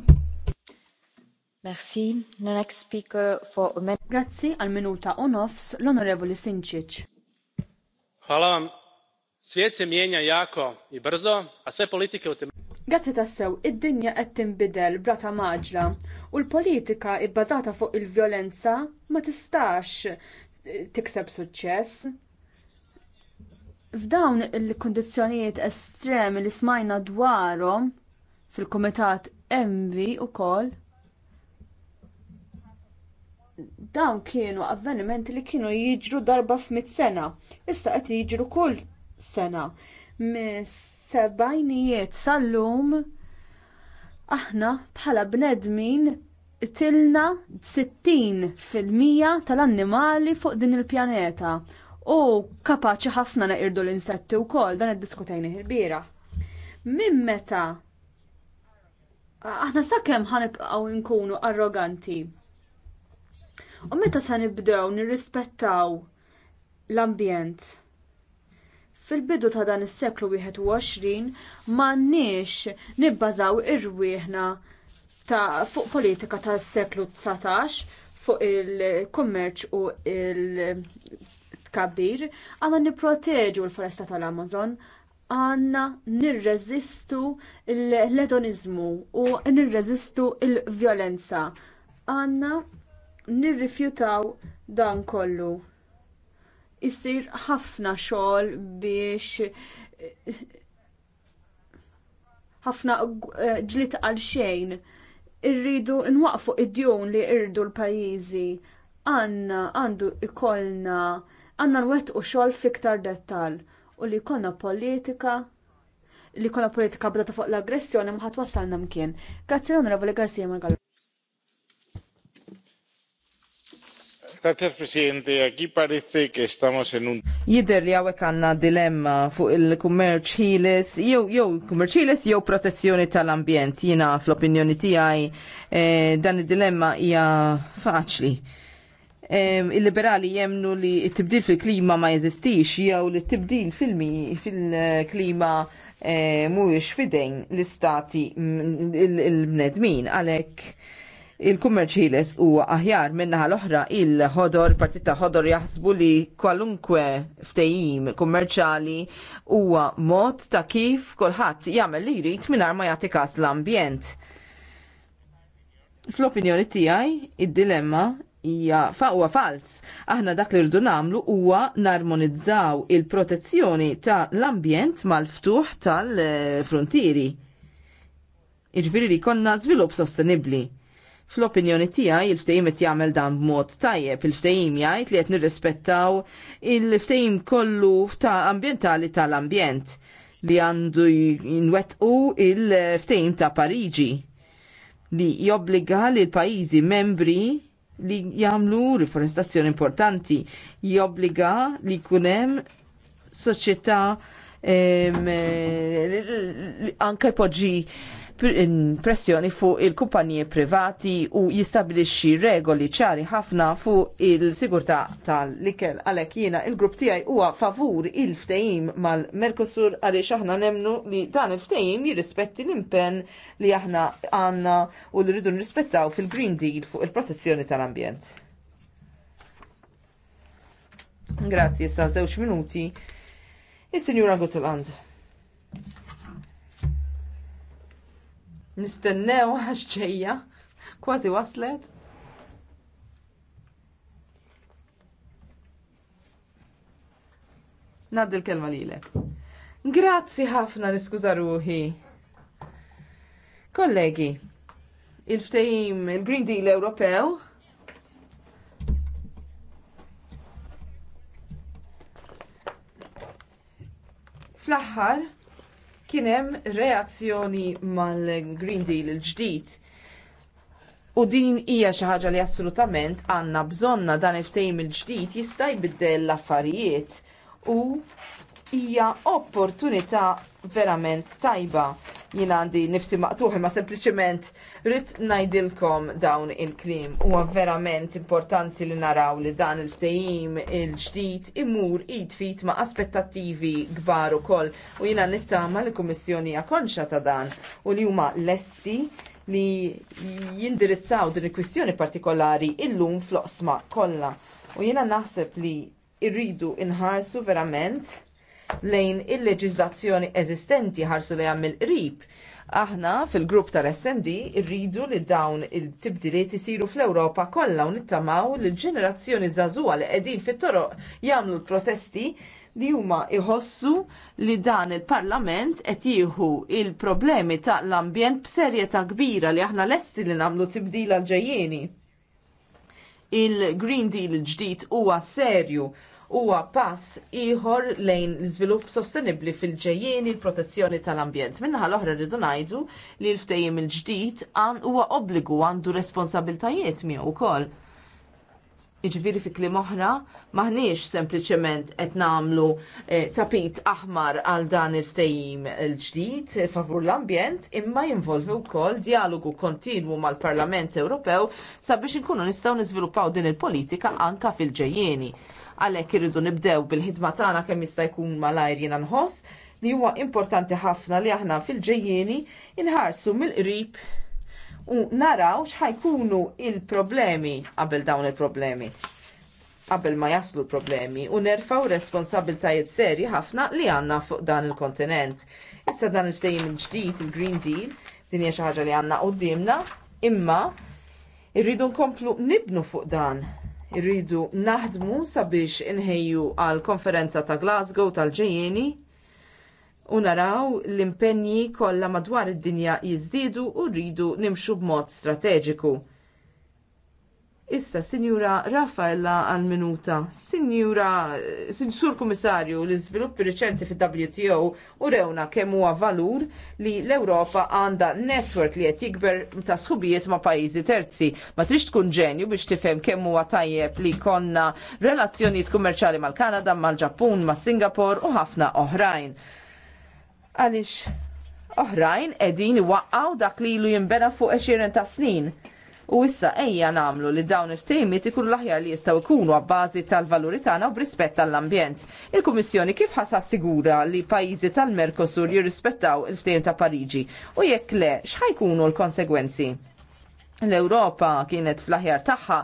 Merci. The next speaker for a minute. Grazzi għal minuta u nofs l-Onorevoli Sinčić. Hvala vam. Svijet se mijenja jako i brzo, a sve politike u tem... Grazzi tassew, id-dinja qed tinbidel brata maġla u l-politika bbażata fuq il-vjolenza ma tistax eh, tikseb suċċess F'dawn il kundizzjonijiet estremi li smajna dwarhom fil-Kumitat Envi wkoll dawn kienu avvenimenti li kienu jiġru darba f'mit sena, issa qed jiġru kull sena. Mis-sebgħinijiet sal-lum aħna bħala bnedmin tilna 60% tal-annimali fuq din il-pjaneta u kapaċi ħafna naqirdu l-insetti wkoll dan id-diskutajni hirbira. Minn meta aħna sakemm ħanibqgħu nkunu arroganti. U meta sa nibdew nirrispettaw l-ambjent fil-bidu ta' dan is-seklu 21 m'għandniex nibbażaw irwieħna ta' fuq politika tas-seklu 19 fuq il-kummerċ u il tkabbir, għandna nipproteġu l-foresta tal-Amazon, għandna nirreżistu l-hedonizmu u nirreżistu l-vjolenza. Għanna nirrifjutaw dan kollu. Issir ħafna xogħol biex ħafna ġlit għal xejn. Irridu nwaqfu id-djon li irdu l-pajjiżi. Għanna għandu ikollna għandna nwettqu xogħol fiktar dettall u li jkollna politika li jkollna politika bdata fuq l-aggressjoni ma ħadd wasalna mkien. Grazzi l-Onorevoli Garcia Margallo. Jidher li hawnhekk għandna dilemma fuq il-kummerċ ħiles, jew jew kummerċ ħiles, jew protezzjoni tal-ambjent. Jiena fl-opinjoni tiegħi eh, dan id-dilemma hija faċli il-liberali jemnu li t-tibdil fil-klima ma jeżistix jew li t-tibdil fil-klima eh, mhuwiex fidejn l-istati mm, il-bnedmin għalhekk il-kummerċ ħieles huwa aħjar minnaħa l-oħra il-ħodor, partit ta' ħodor jaħsbu li kwalunkwe ftejim kummerċali huwa mod ta' kif kulħadd jagħmel li jrid mingħajr ma jagħti kas l-ambjent. Fl-opinjoni tiegħi, id-dilemma hija faqwa fals. Aħna dak li rridu nagħmlu huwa narmonizzaw il-protezzjoni ta' l-ambjent mal-ftuħ tal fruntieri Irġifieri li konna żvilupp sostenibbli. Fl-opinjoni tiegħi il-ftehim qed jagħmel dan b'mod tajjeb, il-ftehim jgħid li qed nirrispettaw il-ftehim kollu ta' ambjentali tal-ambjent li għandu jinwetqu il-ftehim ta' Pariġi li jobbliga li l-pajizi membri li jagħmlu riforestazzjoni importanti jobbliga li jkun hemm soċjetà eh, anke poġġi pressjoni fuq il-kumpaniji privati u jistabilixxi regoli ċari ħafna fuq il-sigurtà tal-ikel għalhekk jiena il-grupp tiegħi huwa favur il-ftehim mal merkosur għaliex aħna nemnu li dan il-ftehim jirrispetti l-impenn li aħna għandna u li rridu nrispettaw fil-Green Deal fuq il-protezzjoni tal-ambjent. Grazzi, sa' zewċ minuti. Is-Sinjura Gutland. Nistennew għax ġejja. Kważi waslet. Naddi kelma lilek. Grazzi ħafna niskuża ruħi. Kollegi, il-ftehim il-Green Deal Ewropew fl-aħħar kien hemm reazzjoni mal-Green Deal il-ġdid. U din hija xi ħaġa li assolutament għandna bżonna dan il-ftehim il-ġdid jista' jbiddel l-affarijiet u hija opportunità verament tajba. Jien għandi nifsi maqtuħ ma sempliċement rrit ngħidilkom dawn il-klim. Huwa verament importanti li naraw li dan il-ftehim il-ġdid imur id fit ma' aspettattivi kbar ukoll u jiena nittama li kummissjoni hija konxa ta' dan u li huma lesti li jindirizzaw din il-kwistjoni partikolari il-lum fl-oqsma kollha. U jiena naħseb li irridu inħarsu verament lejn il-leġizlazzjoni eżistenti ħarsu li għam il-qrib. Aħna fil-grupp tal-SND rridu li dawn il-tibdiliet isiru fl-Ewropa kollha u nittamaw li l-ġenerazzjoni żagħżugħa li qegħdin fit-toroq jagħmlu l-protesti li huma iħossu li dan il-Parlament qed jieħu il-problemi ta' l-ambjent b'serjetà kbira li aħna lesti li nagħmlu tibdil għal ġejjieni. Il-Green Deal il-ġdid huwa serju huwa pass ieħor lejn l-iżvilupp sostenibbli fil-ġejjieni l-protezzjoni tal-ambjent. Minnaħa l-oħra rridu ngħidu li l-ftehim il-ġdid għan huwa obbligu għandu responsabiltajiet miegħu wkoll. Iġviri fi klim oħra, maħniex sempliċement qed nagħmlu eh, tapit aħmar għal dan il-ftehim il-ġdid favur l-ambjent, imma jinvolvi wkoll dialogu kontinwu mal-Parlament Ewropew sabiex inkunu nistgħu niżviluppaw din il-politika anka fil-ġejjieni għalhekk irridu nibdew bil-ħidma tagħna kemm jista' jkun malajr jiena nħoss li huwa importanti ħafna li aħna fil-ġejjieni inħarsu mill-qrib u naraw x'ħajkunu il-problemi qabel dawn il-problemi qabel ma jaslu problemi u nerfaw responsabiltajiet serji ħafna li għandna fuq dan il-kontinent. Issa dan il-ftejim il-ġdid, il-Green Deal, din hija xi ħaġa li għandna u imma irridu nkomplu nibnu fuq dan Irridu naħdmu sabiex inħejju għal konferenza ta' Glasgow tal-ġejjeni u naraw l-impenji kollha madwar id-dinja jiżdiedu u rridu nimxu b'mod strateġiku. Issa, Sinjura Raffaella għal-minuta. Sinjura, Sur Kummissarju, l sviluppi riċenti fi wto u rewna kemm huwa valur li l-Ewropa għandha netwerk li qed jikber ta' sħubijiet ma' pajjiżi terzi. Ma trix tkun ġenju biex tifhem kemm huwa tajjeb li konna relazzjonijiet kummerċali mal-Kanada, mal-Ġappun, mas-Singapur u ħafna oħrajn. Għaliex oħrajn qegħdin iwaqqgħu dak li ilu jinbena fuq 20 ta' snin U issa ejja namlu li dawn il-tejmiet ikunu l-aħjar li jistaw ikunu għabbażi tal-valuri tagħna u b'rispett tal-ambjent. Il-Kummissjoni kif ħassa sigura li pajjiżi tal-Merkosur jirrispettaw il-ftehim ta' Pariġi u jekk le x'ħajkunu l-konsegwenzi? L-Europa kienet fl-aħjar tagħha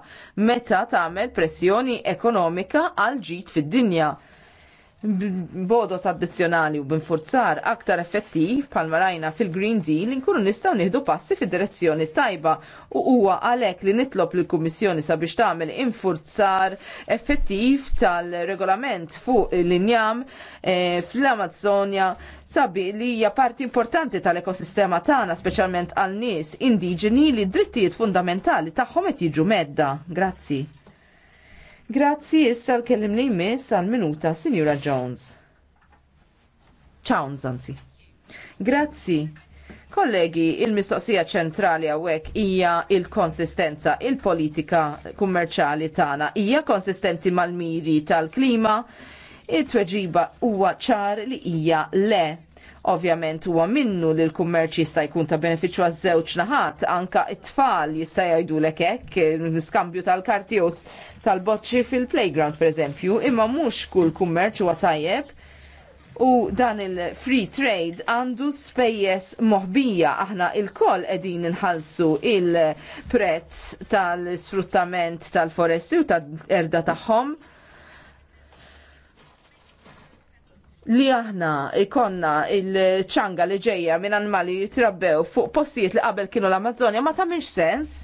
meta tagħmel pressjoni ekonomika għal ġid fid-dinja bodo tradizjonali u binfurzar aktar effettiv pal marajna fil-Green Deal inkunu nistaw nieħdu passi fid-direzzjoni tajba u huwa għalhekk li nitlob lill kummissjoni sabiex tagħmel infurzar effettiv tal-regolament fuq l-injam e, eh, fl-Amazzonja sabi li hija parti importanti tal-ekosistema tagħna speċjalment għal nies indiġeni li drittijiet fundamentali tagħhom qed jiġu medda. Grazzi. Grazzi issa l-kellim li jmiss għal-minuta Signora Jones. Jones, anzi. Grazzi. Kollegi, il-mistoqsija ċentrali għawek hija il-konsistenza, il-politika kummerċali tagħna hija konsistenti mal-miri tal-klima, it-tweġiba huwa ċar li hija le Ovvjament huwa minnu li l-kummerċ jista' jkun ta' benefiċċju għaż-żewġ naħat, anka it-tfal jista' jgħidulek hekk, l-iskambju tal-karti tal-boċċi fil-playground pereżempju, imma mhux kull kummerċ huwa tajjeb. U dan il-free trade għandu spejjeż moħbija aħna il-koll edin nħalsu il-prezz tal-sfruttament tal-foresti u tal-erda tagħhom li aħna ikonna il-ċanga li ġejja minn animali li jitrabbew fuq postijiet li qabel kienu l-Amazzonja ma minx sens.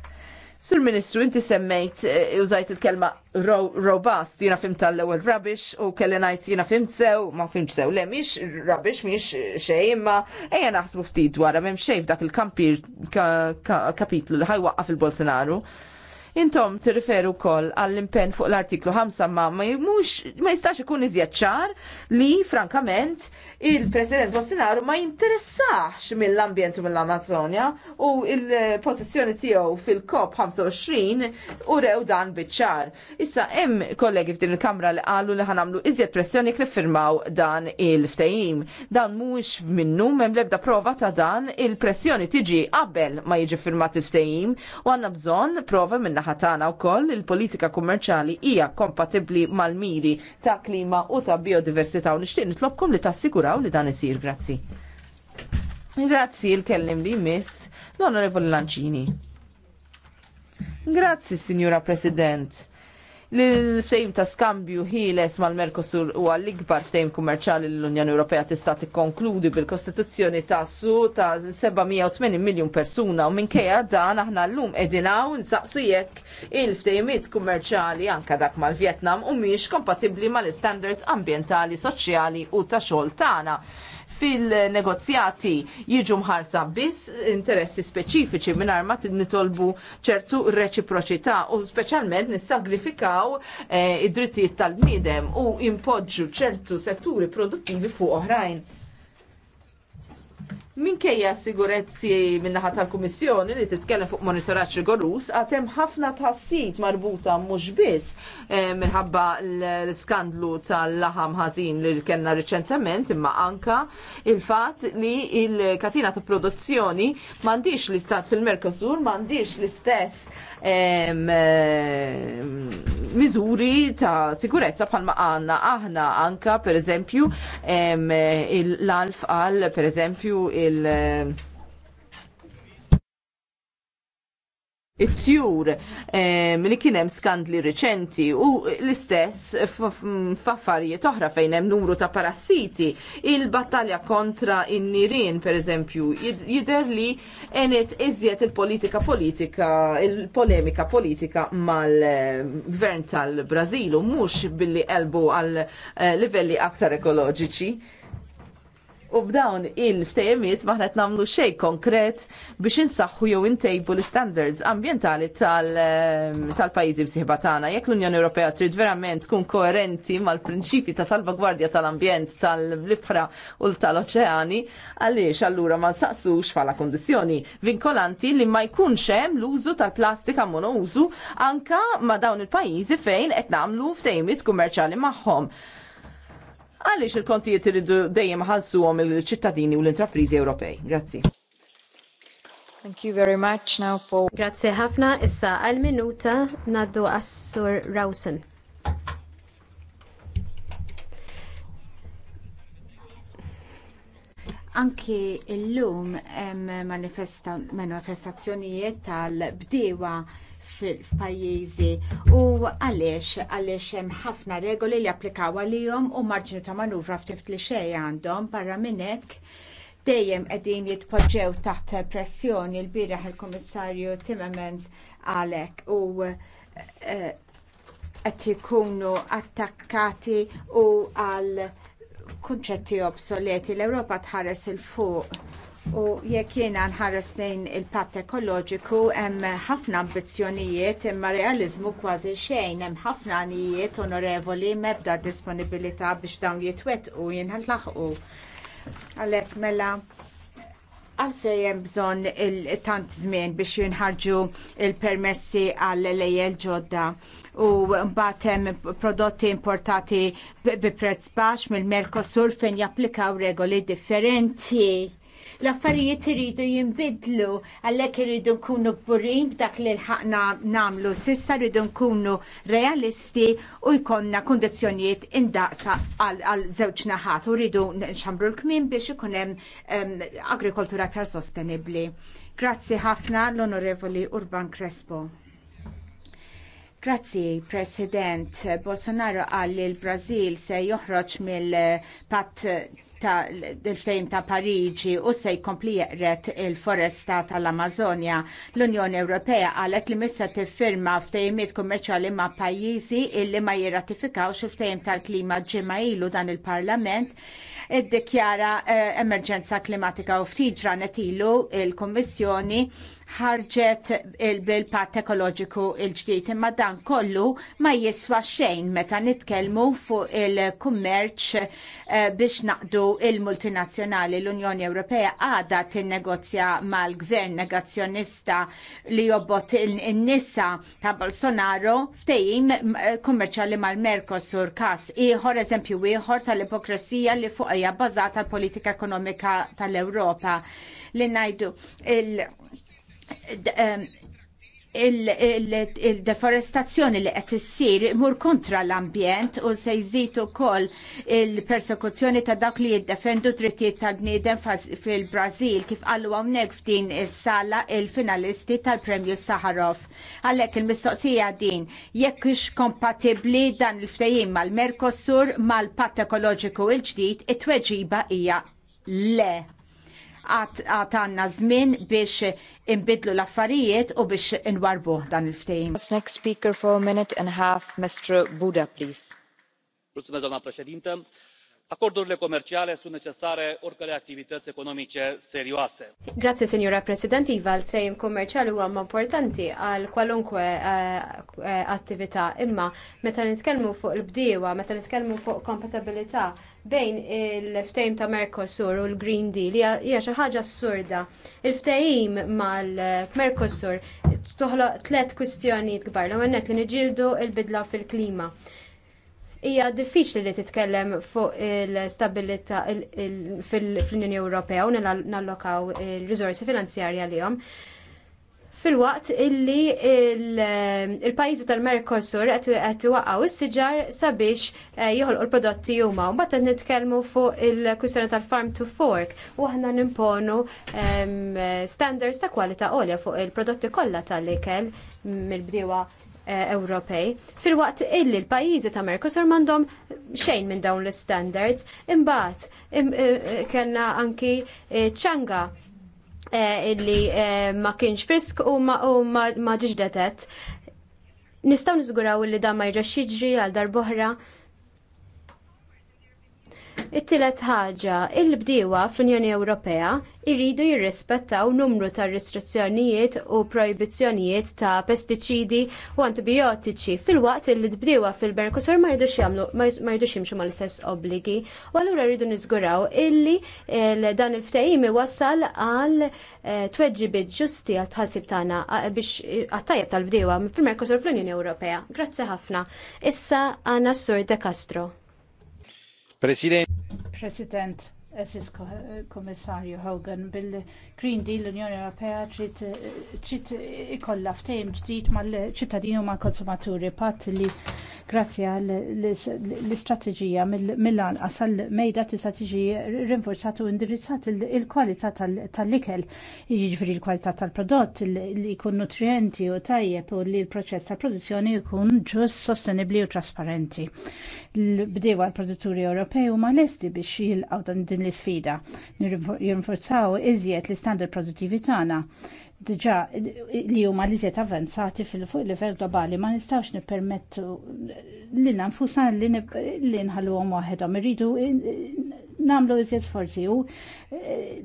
Sur Ministru, inti semmejt eh, użajt il-kelma robust, jina fim tal-ewel rubbish u kelli najt jina fim sew, ma fim sew, le miex rubbish, miex xej, imma eja naħsbu ftit dwar, memx xejf dak il-kampir kapitlu li ħajwaqqa fil-Bolsonaro. Intom t-referu wkoll għall-impenn fuq l-artiklu 5 ma mhux ma jistax ikun iżjed ċar li frankament il-President Bolsonaro ma jinteressax mill-ambjent u mill-Amazonja u il-pożizzjoni tiegħu fil-COP 25 u rew dan biċ-ċar. Issa hemm kollegi f'din il-Kamra li qalu li ħanamlu iżjed pressjoni kif firmaw dan il-ftehim. Dan mhux minnu hemm l-ebda prova ta' dan il-pressjoni tiġi qabel ma jiġi firmat il-ftehim u għandna bżonn prova minna min-naħa tagħna wkoll il-politika kummerċjali hija kompatibbli mal-miri ta' klima u ta' biodiversità u nixtieq nitlobkom li tassiguraw li dan isir. Grazzi. Grazzi il-kellim li miss l-Onorevoli Lancini. Grazzi, Signora President. L-ftejm ta' skambju ħiles mal-Merkosur huwa l-ikbar fejm kummerċali l-Unjoni Ewropea tista' tikkonkludi bil-kostituzzjoni ta' su ta' 780 miljun persuna u minkejja dan aħna llum lum edinaw nsaqsu jekk il-ftejmiet kummerċali anke dak mal-Vjetnam u miex kompatibbli mal-istandards ambjentali, soċjali u ta' xogħol tagħna fil-negozjati jiġu mħarsa biss interessi speċifiċi mingħajr ma nitolbu ċertu reċiproċità u speċjalment nissagrifikaw eh, id-drittijiet tal-bniedem u impoġġu ċertu setturi produttivi fuq oħrajn. Minkejja sigurezzi minnaħat tal-Kummissjoni li titkellem fuq monitoraġġ rigorus, għatem ħafna tħassib marbuta mhux biss eh, minħabba l-skandlu tal-laħam ħażin li kellna riċentement, imma anka il-fatt li il-katina ta' produzzjoni m'għandix l-istat fil-Merkosur, m'għandix l-istess miżuri ta' sikurezza bħalma għanna aħna anka per eżempju l-alf għal per eżempju il- it-tjur ehm, li kien hemm skandli riċenti u l-istess f'affarijiet oħra fejn hemm numru ta' parassiti. Il-battalja kontra in-nirien pereżempju jidher li enet iżjed il-politika politika, il-polemika politika mal-gvern tal-Brażil u mhux billi qalbu għal eh, livelli aktar ekoloġiċi. U b'dawn il-ftejemiet maħna qed nagħmlu xejn konkret biex insaħħu jew intejbu l-standards ambjentali tal-pajjiżi ehm, bsieħba tagħna. Jekk l-Unjoni Ewropea trid verament tkun koerenti mal-prinċipji ta' salvagwardja tal-ambjent tal-libħra u tal-oċeani, għaliex allura ma nsaqsux bħala kondizzjoni vinkolanti li ma jkunx hemm l-użu tal-plastika monouzu anka ma' dawn il-pajjiżi fejn qed nagħmlu ftejmiet kummerċjali magħhom. Għaliex il-kontijiet iridu dejjem għom il-ċittadini u l-intrapriżi Ewropej. Grazzi. Thank you very much now for Grazzi ħafna issa għal minuta naddu Assur Rawson. Anki illum hemm manifestazzjonijiet tal bdewa fil-pajjiżi u għaliex għaliex hemm ħafna regoli li applikaw għalihom u marġinu ta' manuvra ftit li xejn għandhom barra minn hekk dejjem qegħdin jitpoġġew taħt pressjoni l-bieraħ il-Kummissarju Timmermans għalhekk u eh, qed ikunu attakkati u għal kunċetti obsoleti l-Ewropa tħares il fuq U jekk jiena nħares lejn il-patt ekoloġiku hemm ħafna ambizzjonijiet imma realiżmu kważi xejn hemm ħafna għanijiet onorevoli mebda disponibilità biex dawn jitwettqu jinħallaħqu. Għalhekk mela għalfej hemm bżonn il-tant żmien biex jinħarġu il-permessi għall lejjel ġodda u mbagħad hemm prodotti importati bi prezz baxx mill-Merkosur fejn japplikaw regoli differenti L-affarijiet iridu jinbidlu għalhekk iridu nkunu burin b'dak li l ħakna nagħmlu sissa rridu nkunu realisti u jkollna kundizzjonijiet indaqsa għal żewġ naħat u rridu nxambru l kmin biex ikun hemm agrikoltura tar sostenibbli. Grazzi ħafna l-Onorevoli Urban Crespo. Grazzi, President. Bolsonaro qal li l-Brazil se joħroġ mill pat il ftejm ta' Pariġi u se jkompli jeqret il-foresta tal-Amazonja. L-Unjoni Ewropea qalet li missa tiffirma ftejmiet kummerċjali ma' pajjiżi illi ma jirratifikawx il-ftejm tal-klima ġimgħa ilu dan il-Parlament iddikjara eh, emerġenza klimatika u ftit ġranet ilu il-Kummissjoni ħarġet il-patt ekoloġiku il-ġdid imma dan kollu ma jiswa xejn meta nitkellmu fuq il-kummerċ eh, biex naqdu il-multinazzjonali l-Unjoni Ewropea għada tinnegozja mal-gvern negazzjonista li jobbot in-nisa ta' Bolsonaro ftejim eh, kummerċali mal-Mercosur kas ieħor eżempju ieħor tal ipokrasija li fuq hija bbażata l-politika ekonomika tal-Ewropa li ngħidu il il-deforestazzjoni li qed issir imur kontra l-ambjent u se jżid ukoll il-persekuzzjoni ta' dawk li jiddefendu drittijiet tal-bniedem fil-Brażil kif qalu hawnhekk f'din is-sala il-finalisti tal-Premju Saharov. Għalhekk il-mistoqsija din jekk hux kompatibbli dan il-ftehim mal-Merkosur mal-Patt Ekoloġiku l-ġdid it-tweġiba hija le għatanna zmin żmien biex imbidlu l-affarijiet u biex inwarbu dan il-ftehim. Next speaker for a minute and a half, Mr. Buda, please. Mulțumesc, doamna comerciale sunt necesare oricărei activități economice serioase. Grazie, signora Presidente. Iva, il-ftehim kummerċjali huwa importanti għal kwalunkwe eh, attività, imma meta nitkellmu fuq il bdiwa meta nitkellmu fuq kompatibilità, bejn il-ftehim ta' Mercosur u l-Green Deal hija xi ħaġa assurda. Il-ftehim mal-Mercosur toħloq tliet kwistjonijiet kbar l għennek li niġildu il-bidla fil-klima. Hija diffiċli li titkellem fuq il-stabilità fil-Unjoni Ewropea u nallokaw il-riżorsi finanzjarja li fil-waqt illi il-pajjiżi tal-Mercosur qed waqgħu s siġar sabiex eh, joħolqu l-prodotti huma. Mbagħad qed nitkellmu fuq il-kwistjoni tal-farm to fork u aħna nimponu ehm, standards ta' kwalità għolja fuq il-prodotti kollha tal-ikel mill-bdiewa eh, Ewropej. Fil-waqt illi l-pajjiżi ta' Mercosur m'għandhom xejn minn dawn l-standards, imbagħad eh, kellna anki ċanga Eh, illi eh, ma kienx frisk u ma ġiġdetet. Nistaw nizguraw li dan ma jġax jiġri għal darboħra. It-tielet ħaġa, il-bdiewa fl-Unjoni Ewropea jridu jirrispettaw numru ta' restrizzjonijiet u projbizzjonijiet ta' pestiċidi u antibiotiċi fil-waqt li tbdiewa fil-Merkosur ma jridux jimxu ma l jimxu mal-istess obbligi. U allura rridu niżguraw illi dan il-ftehim wasal għal eh, tweġġibiet ġusti għal tħassib tagħna biex għattajab tal-bdiewa fil-Merkosur fl-Unjoni Ewropea. Grazzi ħafna. Issa għana Sur De Castro. President. President. Assis Komissarju Hogan bil-Green Deal l-Unjoni Ewropea trid ikollha ftehim ġdid mal-ċittadini u mal-konsumaturi patt li grazzi l istrateġija mill-anqas għall-mejda tista' tiġi rinforzat u indirizzat il-kwalità tal-ikel, jiġifieri l-kwalità tal-prodott li jkun nutrienti u tajjeb u li l-proċess tal-produzzjoni jkun ġust, sostenibbli u trasparenti l-bdewa l-produtturi Ewropej huma lesti biex jilqgħu dan din l-isfida. Jinforzaw iżjed l-istandard produttivi tagħna diġa' li huma l iżjed fil fuq livell globali ma nistawx nippermettu li nfusna li nħalluhom waħedhom irridu nagħmlu iżjed sforzi u eh,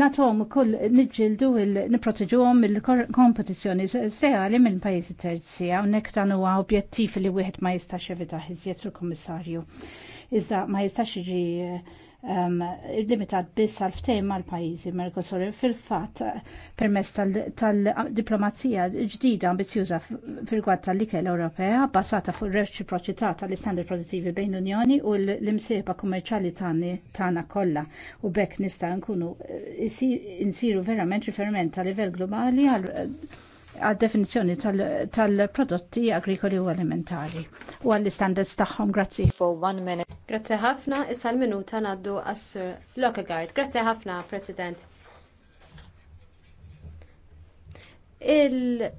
natom kull nġildu niproteġuhom mill-kompetizzjoni reali minn pajizi terzi hawnhekk dan huwa objettiv li wieħed ma jistax evitaħ iżjed il-Kummissarju. Iżda ma jistax jiġi limitat biss għal ftehim mal pajjiżi Mercosur fil-fatt permezz tal-diplomazija ġdida ambizjuża fil-gwad tal-ikel Ewropea bbażata fuq reċiproċità tal-istandard produttivi bejn l-Unjoni u l-imsieba kummerċjali tagħna kollha u bekk nista' nkunu eh, insiru verament riferiment ta' livell globali għal għad definizzjoni tal-prodotti tal agrikoli u alimentari u għall-istandards tagħhom. Grazzi. For one minute. Grazzi ħafna, issa l-minuta naddu għas-Sir Lockegaard. Grazzi ħafna, President. Il-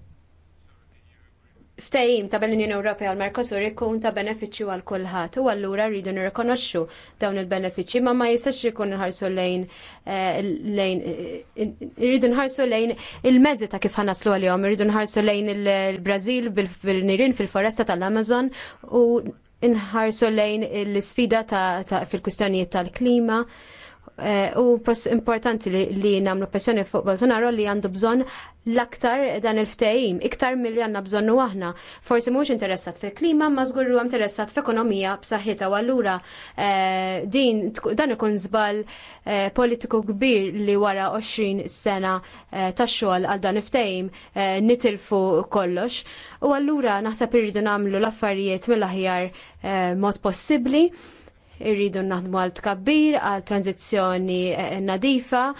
ftehim ta' l-Unjoni Ewropea għal Mercosur ikun ta' benefiċċju għal kulħadd u allura rridu nirrikonoxxu dawn il-benefiċċji ma ma jistax ikun nħarsu lejn eh, lejn irridu eh, nħarsu lejn il-mezzi ta' kif ħanaslu għalihom, irridu nħarsu lejn il-Brażil bil-nirin fil-foresta tal-Amazon u nħarsu lejn l-sfida fil-kustjonijiet tal-klima. tal klima Eh, u importanti li namlu pressjoni fuq Bolsonaro li għandu bżon l-aktar dan il-ftehim, iktar milli għanna bżonnu aħna. Forsi mhux interessat fil klima ma żgurru interessat f'ekonomija b'saħħitha u allura eh, din dan ikun żball eh, politiku kbir li wara 20 sena ta' xogħol għal dan il-ftehim nitilfu kollox. U allura naħseb irridu nagħmlu l-affarijiet mill-aħjar mod possibbli irridu naħdmu għal tkabbir, għal transizzjoni eh, nadifa,